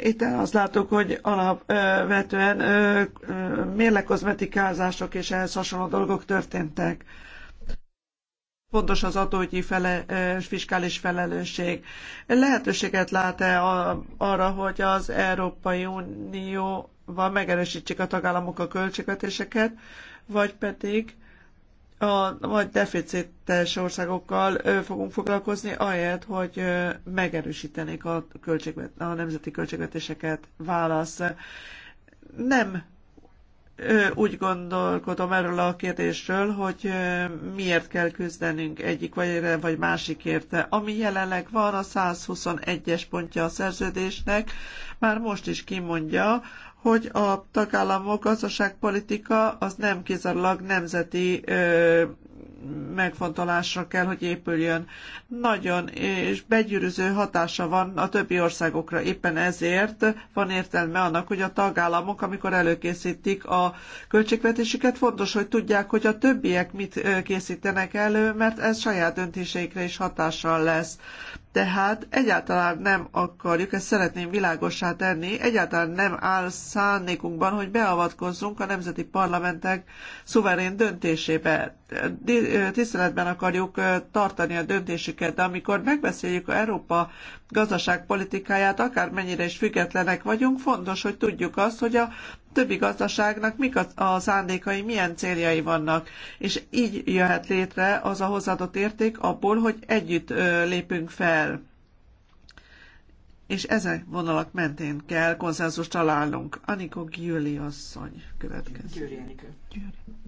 itt azt látok, hogy alapvetően mérlekozmetikázások és ehhez hasonló dolgok történtek. Fontos az adógyi fele, fiskális felelősség. Lehetőséget lát-e arra, hogy az Európai Unióval megerősítsék a tagállamok a költségvetéseket, vagy pedig a nagy deficites országokkal fogunk foglalkozni, ahelyett, hogy megerősítenék a, költségvet, a nemzeti költségvetéseket. Válasz. Nem úgy gondolkodom erről a kérdésről, hogy miért kell küzdenünk egyik vagy, vagy érte. Ami jelenleg van, a 121-es pontja a szerződésnek, már most is kimondja, hogy a tagállamok gazdaságpolitika az nem kizárólag nemzeti ö, megfontolásra kell, hogy épüljön. Nagyon és begyűrűző hatása van a többi országokra. Éppen ezért van értelme annak, hogy a tagállamok, amikor előkészítik a költségvetésüket, fontos, hogy tudják, hogy a többiek mit készítenek elő, mert ez saját döntéseikre is hatással lesz. Tehát egyáltalán nem akarjuk, ezt szeretném világossá tenni, egyáltalán nem áll szándékunkban, hogy beavatkozzunk a nemzeti parlamentek szuverén döntésébe. Tiszteletben akarjuk tartani a döntésüket, de amikor megbeszéljük a Európa gazdaságpolitikáját, akármennyire is függetlenek vagyunk, fontos, hogy tudjuk azt, hogy a többi gazdaságnak mik a, a szándékai, milyen céljai vannak, és így jöhet létre az a hozzáadott érték abból, hogy együtt ö, lépünk fel. És ezen vonalak mentén kell konszenzust találnunk. Anikó Gyüli asszony következik. Győri Anikó. Győri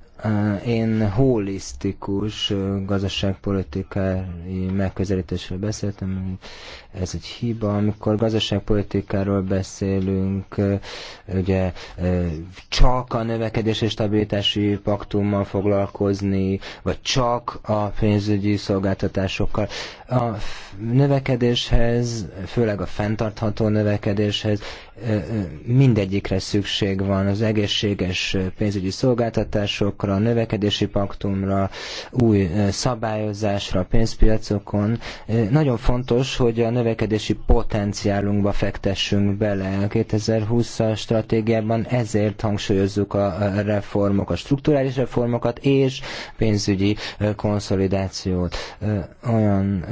Én holisztikus gazdaságpolitikai megközelítésről beszéltem, ez egy hiba, amikor gazdaságpolitikáról beszélünk, ugye csak a növekedés és stabilitási paktummal foglalkozni, vagy csak a pénzügyi szolgáltatásokkal. A növekedéshez, főleg a fenntartható növekedéshez mindegyikre szükség van, az egészséges pénzügyi szolgáltatásokra, a növekedési paktumra, új szabályozásra pénzpiacokon. Nagyon fontos, hogy a növekedési potenciálunkba fektessünk bele. A 2020-as stratégiában ezért hangsúlyozzuk a reformok, a strukturális reformokat és pénzügyi konszolidációt. Olyan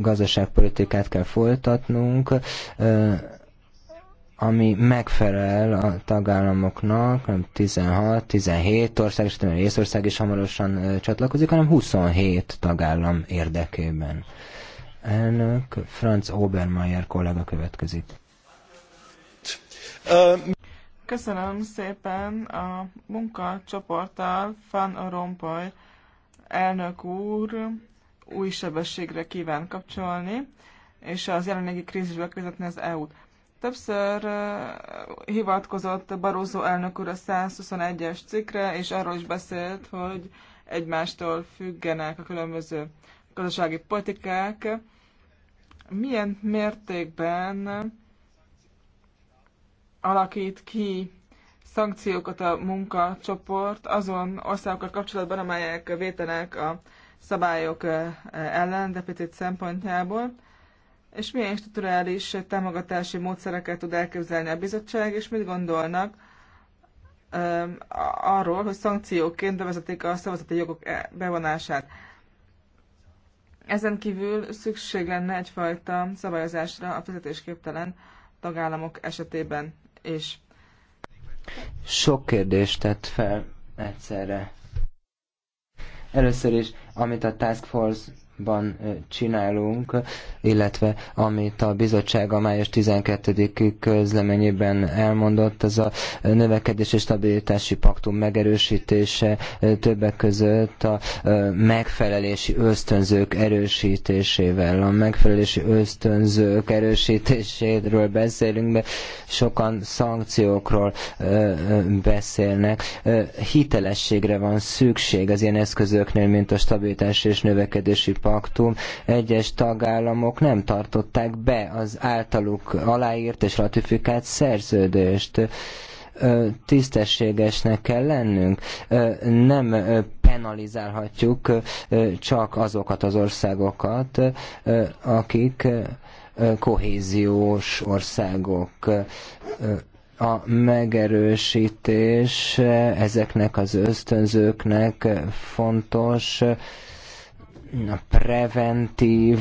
gazdaságpolitikát kell folytatnunk, ami megfelel a tagállamoknak, nem 16, 17 ország, és Észország is hamarosan csatlakozik, hanem 27 tagállam érdekében elnök, Franz Obermeier kollega következik. Köszönöm szépen a munkacsoporttal fan Rompoy elnök úr új sebességre kíván kapcsolni, és az jelenlegi krízisből vezetni az EU-t. Többször eh, hivatkozott Barózó elnök úr a 121-es cikkre, és arról is beszélt, hogy egymástól függenek a különböző gazdasági politikák milyen mértékben alakít ki szankciókat a munkacsoport azon országokkal kapcsolatban, amelyek vétenek a szabályok ellen deficit szempontjából, és milyen strukturális támogatási módszereket tud elképzelni a bizottság, és mit gondolnak arról, hogy szankcióként bevezetik a szavazati jogok e- bevonását. Ezen kívül szükség lenne egyfajta szabályozásra a fizetésképtelen tagállamok esetében is. Sok kérdést tett fel egyszerre. Először is, amit a Task Force ban csinálunk, illetve amit a bizottság a május 12 közleményében elmondott, az a növekedés és stabilitási paktum megerősítése, többek között a megfelelési ösztönzők erősítésével. A megfelelési ösztönzők erősítéséről beszélünk, de sokan szankciókról beszélnek. Hitelességre van szükség az ilyen eszközöknél, mint a stabilitási és növekedési paktum paktum. Egyes tagállamok nem tartották be az általuk aláírt és ratifikált szerződést tisztességesnek kell lennünk. Nem penalizálhatjuk csak azokat az országokat, akik kohéziós országok. A megerősítés ezeknek az ösztönzőknek fontos, a preventív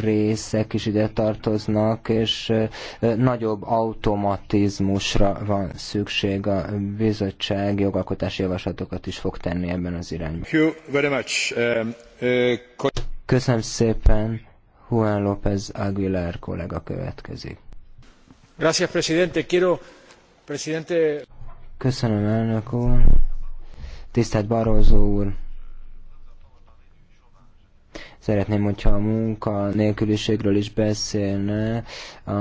részek is ide tartoznak, és nagyobb automatizmusra van szükség. A bizottság jogalkotási javaslatokat is fog tenni ebben az irányban. Um, uh, Köszönöm szépen. Juan López Aguilar kollega következik. Gracias, presidente. Quiero, presidente... Köszönöm, elnök úr. Tisztelt Barózó úr, Szeretném, hogyha a munka nélküliségről is beszélne a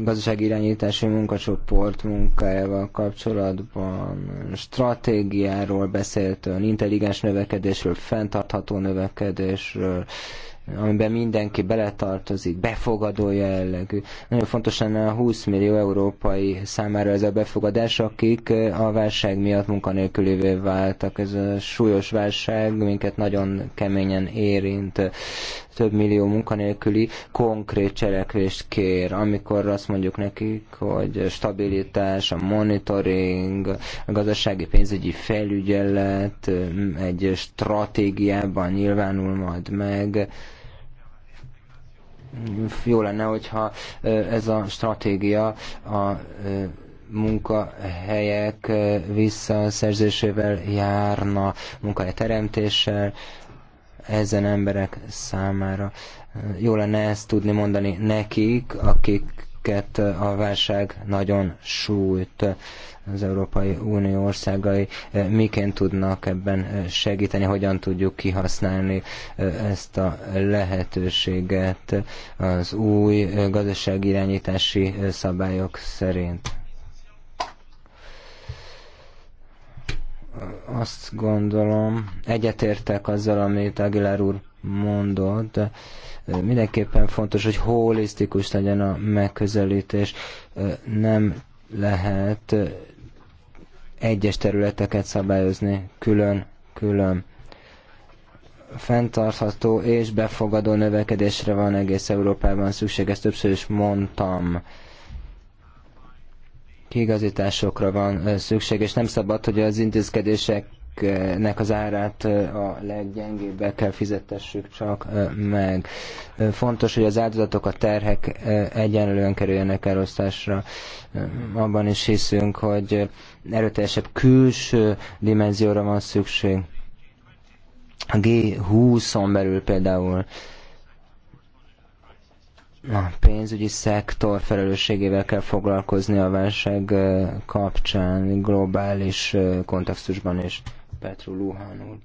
gazdasági irányítási munkacsoport munkájával kapcsolatban, stratégiáról beszélt ön, intelligens növekedésről, fenntartható növekedésről, amiben mindenki beletartozik, befogadó jellegű. Nagyon fontos lenne a 20 millió európai számára ez a befogadás, akik a válság miatt munkanélkülévé váltak. Ez a súlyos válság minket nagyon keményen érint. Több millió munkanélküli konkrét cselekvést kér, amikor azt mondjuk nekik, hogy stabilitás, a monitoring, a gazdasági pénzügyi felügyelet egy stratégiában nyilvánul majd meg, jó lenne, hogyha ez a stratégia a munkahelyek visszaszerzésével járna, munkahely teremtéssel, ezen emberek számára. Jó lenne ezt tudni mondani nekik, akiket a válság nagyon sújt az Európai Unió országai eh, miként tudnak ebben eh, segíteni, hogyan tudjuk kihasználni eh, ezt a lehetőséget az új gazdaságirányítási szabályok szerint. Azt gondolom, egyetértek azzal, amit Aguilar úr mondott, mindenképpen fontos, hogy holisztikus legyen a megközelítés. Nem lehet egyes területeket szabályozni külön-külön. Fenntartható és befogadó növekedésre van egész Európában szükség, ezt többször is mondtam Kigazításokra van szükség, és nem szabad, hogy az intézkedések nek az árát a leggyengébbekkel fizetessük csak meg. Fontos, hogy az áldozatok a terhek egyenlően kerüljenek elosztásra. Abban is hiszünk, hogy erőteljesebb külső dimenzióra van szükség. A G20-on belül például a pénzügyi szektor felelősségével kell foglalkozni a válság kapcsán, globális kontextusban is. Petru Luhán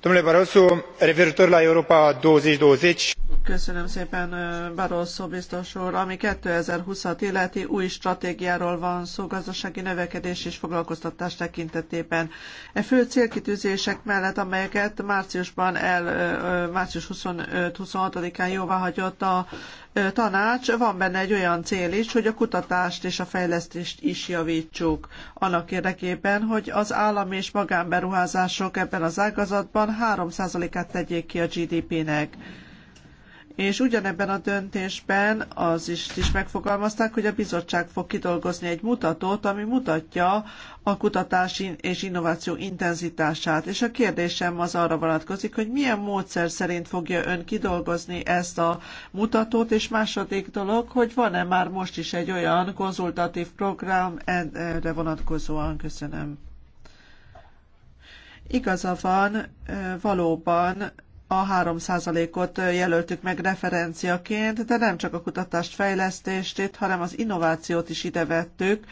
Domnule Barroso, referitor la Europa 2020. Köszönöm szépen, Barroso biztos úr. Ami 2020-at illeti új stratégiáról van szó gazdasági növekedés és foglalkoztatás tekintetében. E fő célkitűzések mellett, amelyeket márciusban el, március 25-26-án jóváhagyott a tanács, van benne egy olyan cél is, hogy a kutatást és a fejlesztést is javítsuk. Annak érdekében, hogy az állami és magánberuházások ebben az ágazatban 3%-át tegyék ki a GDP-nek és ugyanebben a döntésben az is, is megfogalmazták, hogy a bizottság fog kidolgozni egy mutatót, ami mutatja a kutatás és innováció intenzitását. És a kérdésem az arra vonatkozik, hogy milyen módszer szerint fogja ön kidolgozni ezt a mutatót, és második dolog, hogy van-e már most is egy olyan konzultatív program erre vonatkozóan. Köszönöm. Igaza van, valóban a 3%-ot jelöltük meg referenciaként, de nem csak a kutatást, fejlesztést, hanem az innovációt is ide vettük,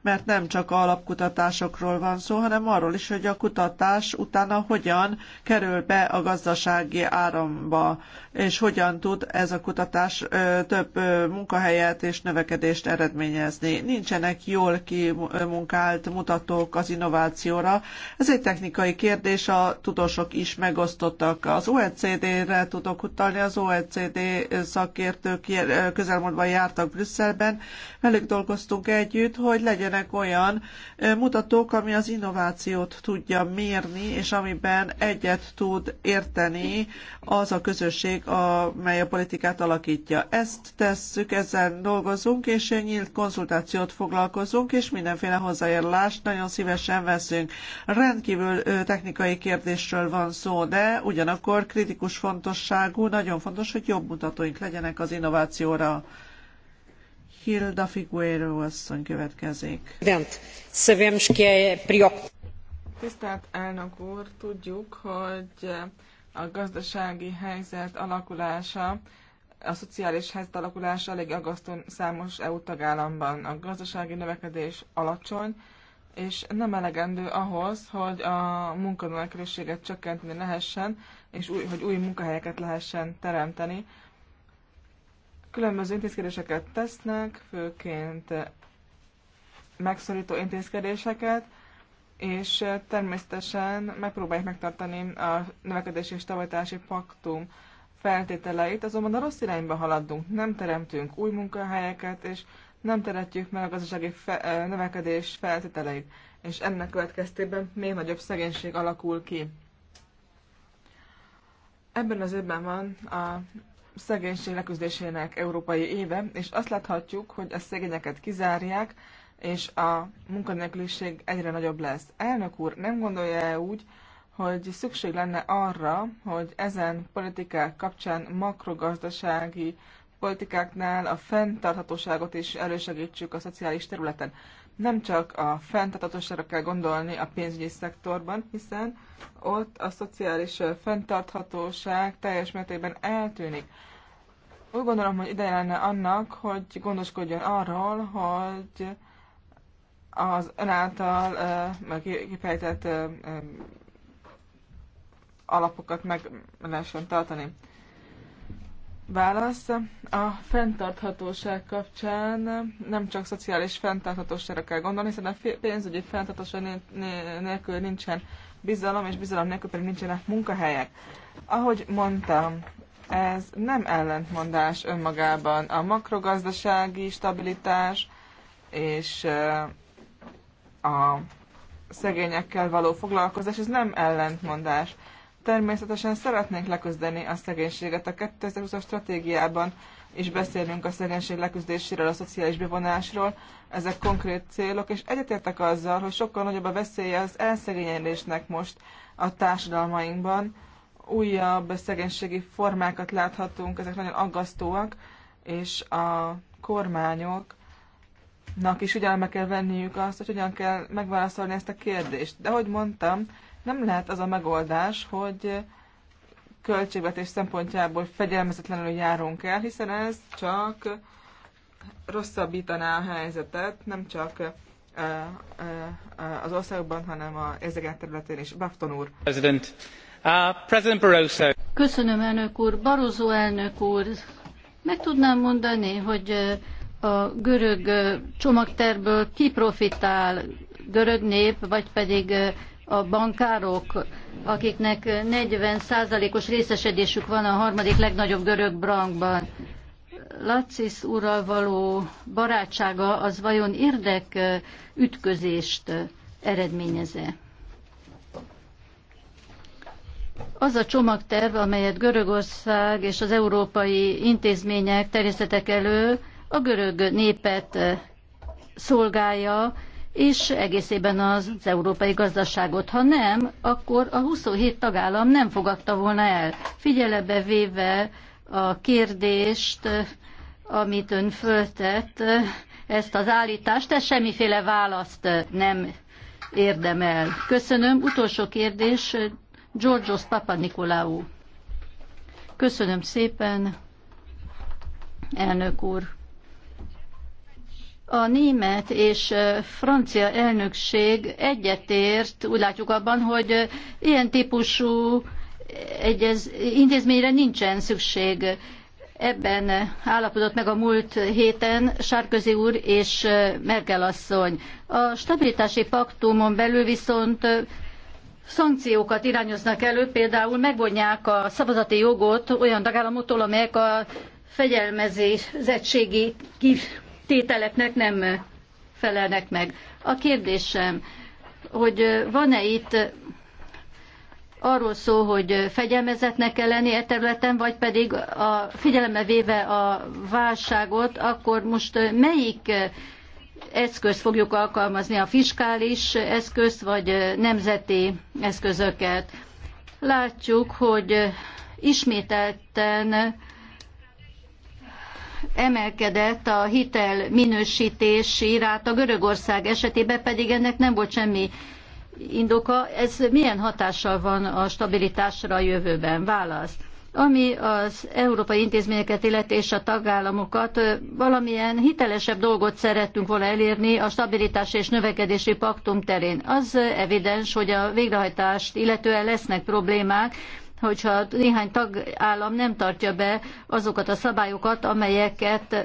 mert nem csak alapkutatásokról van szó, hanem arról is, hogy a kutatás utána hogyan kerül be a gazdasági áramba, és hogyan tud ez a kutatás több munkahelyet és növekedést eredményezni. Nincsenek jól kimunkált mutatók az innovációra. Ez egy technikai kérdés, a tudósok is megosztottak az UE OECD-re tudok utalni, az OECD szakértők közelmúltban jártak Brüsszelben, velük dolgoztunk együtt, hogy legyenek olyan mutatók, ami az innovációt tudja mérni, és amiben egyet tud érteni az a közösség, amely a politikát alakítja. Ezt tesszük, ezen dolgozunk, és nyílt konzultációt foglalkozunk, és mindenféle hozzájárulást nagyon szívesen veszünk. Rendkívül technikai kérdésről van szó, de ugyanakkor kritikus fontosságú, nagyon fontos, hogy jobb mutatóink legyenek az innovációra. Hilda Figueroa asszony következik. Tisztelt elnök úr, tudjuk, hogy a gazdasági helyzet alakulása, a szociális helyzet alakulása elég aggasztó számos EU tagállamban. A gazdasági növekedés alacsony, és nem elegendő ahhoz, hogy a munkanélküliséget csökkenteni lehessen, és új, hogy új munkahelyeket lehessen teremteni. Különböző intézkedéseket tesznek, főként megszorító intézkedéseket, és természetesen megpróbálják megtartani a növekedési és tavalytási paktum feltételeit, azonban a rossz irányba haladunk, nem teremtünk új munkahelyeket, és nem teretjük meg a gazdasági fe- növekedés feltételeit, és ennek következtében még nagyobb szegénység alakul ki. Ebben az évben van a szegénység leküzdésének európai éve, és azt láthatjuk, hogy a szegényeket kizárják, és a munkanélküliség egyre nagyobb lesz. Elnök úr, nem gondolja -e úgy, hogy szükség lenne arra, hogy ezen politikák kapcsán makrogazdasági politikáknál a fenntarthatóságot is elősegítsük a szociális területen nem csak a fenntarthatóságra kell gondolni a pénzügyi szektorban, hiszen ott a szociális fenntarthatóság teljes mértékben eltűnik. Úgy gondolom, hogy ideje lenne annak, hogy gondoskodjon arról, hogy az ön által uh, kifejtett uh, alapokat meg lehessen tartani. Válasz. A fenntarthatóság kapcsán nem csak szociális fenntarthatóságra kell gondolni, hiszen a pénzügyi fenntarthatóság nélkül nincsen bizalom, és bizalom nélkül pedig nincsenek munkahelyek. Ahogy mondtam, ez nem ellentmondás önmagában. A makrogazdasági stabilitás és a szegényekkel való foglalkozás, ez nem ellentmondás. Természetesen szeretnénk leküzdeni a szegénységet. A 2020-as stratégiában és beszélünk a szegénység leküzdéséről, a szociális bevonásról. Ezek konkrét célok, és egyetértek azzal, hogy sokkal nagyobb a veszélye az elszegényedésnek most a társadalmainkban. Újabb szegénységi formákat láthatunk, ezek nagyon aggasztóak, és a kormányok nak is figyelme kell venniük azt, hogy hogyan kell megválaszolni ezt a kérdést. De ahogy mondtam, nem lehet az a megoldás, hogy költségvetés szempontjából fegyelmezetlenül járunk el, hiszen ez csak rosszabbítaná a helyzetet, nem csak az országban, hanem a érzékeny területén is. Bafton úr. President. Uh, President Barroso. Köszönöm, elnök úr. Barroso elnök úr, meg tudnám mondani, hogy a görög csomagterből ki görög nép, vagy pedig a bankárok, akiknek 40%-os részesedésük van a harmadik legnagyobb görög bankban. Lacis úrral való barátsága az vajon érdek ütközést eredményeze? Az a csomagterv, amelyet Görögország és az európai intézmények terjesztetek elő, a görög népet szolgálja, és egészében az európai gazdaságot. Ha nem, akkor a 27 tagállam nem fogadta volna el. Figyelebe véve a kérdést, amit ön föltett, ezt az állítást, ez semmiféle választ nem érdemel. Köszönöm. Utolsó kérdés, Georgios Papadnikolaou. Köszönöm szépen, elnök úr. A német és francia elnökség egyetért, úgy látjuk abban, hogy ilyen típusú egyez, intézményre nincsen szükség. Ebben állapodott meg a múlt héten Sárközi úr és Merkel asszony. A stabilitási paktumon belül viszont szankciókat irányoznak elő, például megvonják a szavazati jogot olyan tagállamoktól, amelyek a fegyelmezettségi tételeknek nem felelnek meg. A kérdésem, hogy van-e itt arról szó, hogy fegyelmezetnek kell lenni e területen, vagy pedig a figyelembe véve a válságot, akkor most melyik eszközt fogjuk alkalmazni, a fiskális eszközt, vagy nemzeti eszközöket. Látjuk, hogy ismételten emelkedett a hitel minősítési ráta Görögország esetében, pedig ennek nem volt semmi indoka. Ez milyen hatással van a stabilitásra a jövőben? Válasz. Ami az európai intézményeket illeti és a tagállamokat, valamilyen hitelesebb dolgot szerettünk volna elérni a stabilitás és növekedési paktum terén. Az evidens, hogy a végrehajtást illetően lesznek problémák, hogyha néhány tagállam nem tartja be azokat a szabályokat, amelyeket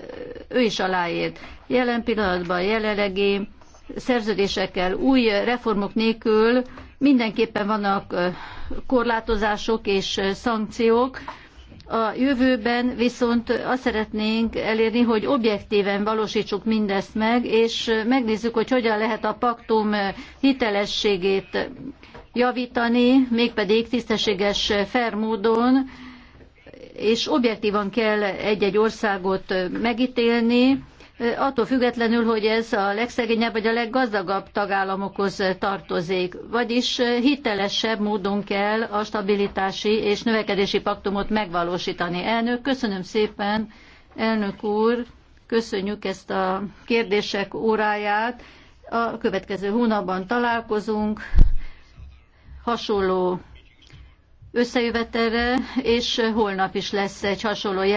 ő is aláírt. Jelen pillanatban jelenlegi szerződésekkel, új reformok nélkül mindenképpen vannak korlátozások és szankciók, a jövőben viszont azt szeretnénk elérni, hogy objektíven valósítsuk mindezt meg, és megnézzük, hogy hogyan lehet a paktum hitelességét javítani, mégpedig tisztességes, fair módon, és objektívan kell egy-egy országot megítélni, attól függetlenül, hogy ez a legszegényebb vagy a leggazdagabb tagállamokhoz tartozik. Vagyis hitelesebb módon kell a stabilitási és növekedési paktumot megvalósítani. Elnök, köszönöm szépen, elnök úr, köszönjük ezt a kérdések óráját. A következő hónapban találkozunk hasonló összejövetelre, és holnap is lesz egy hasonló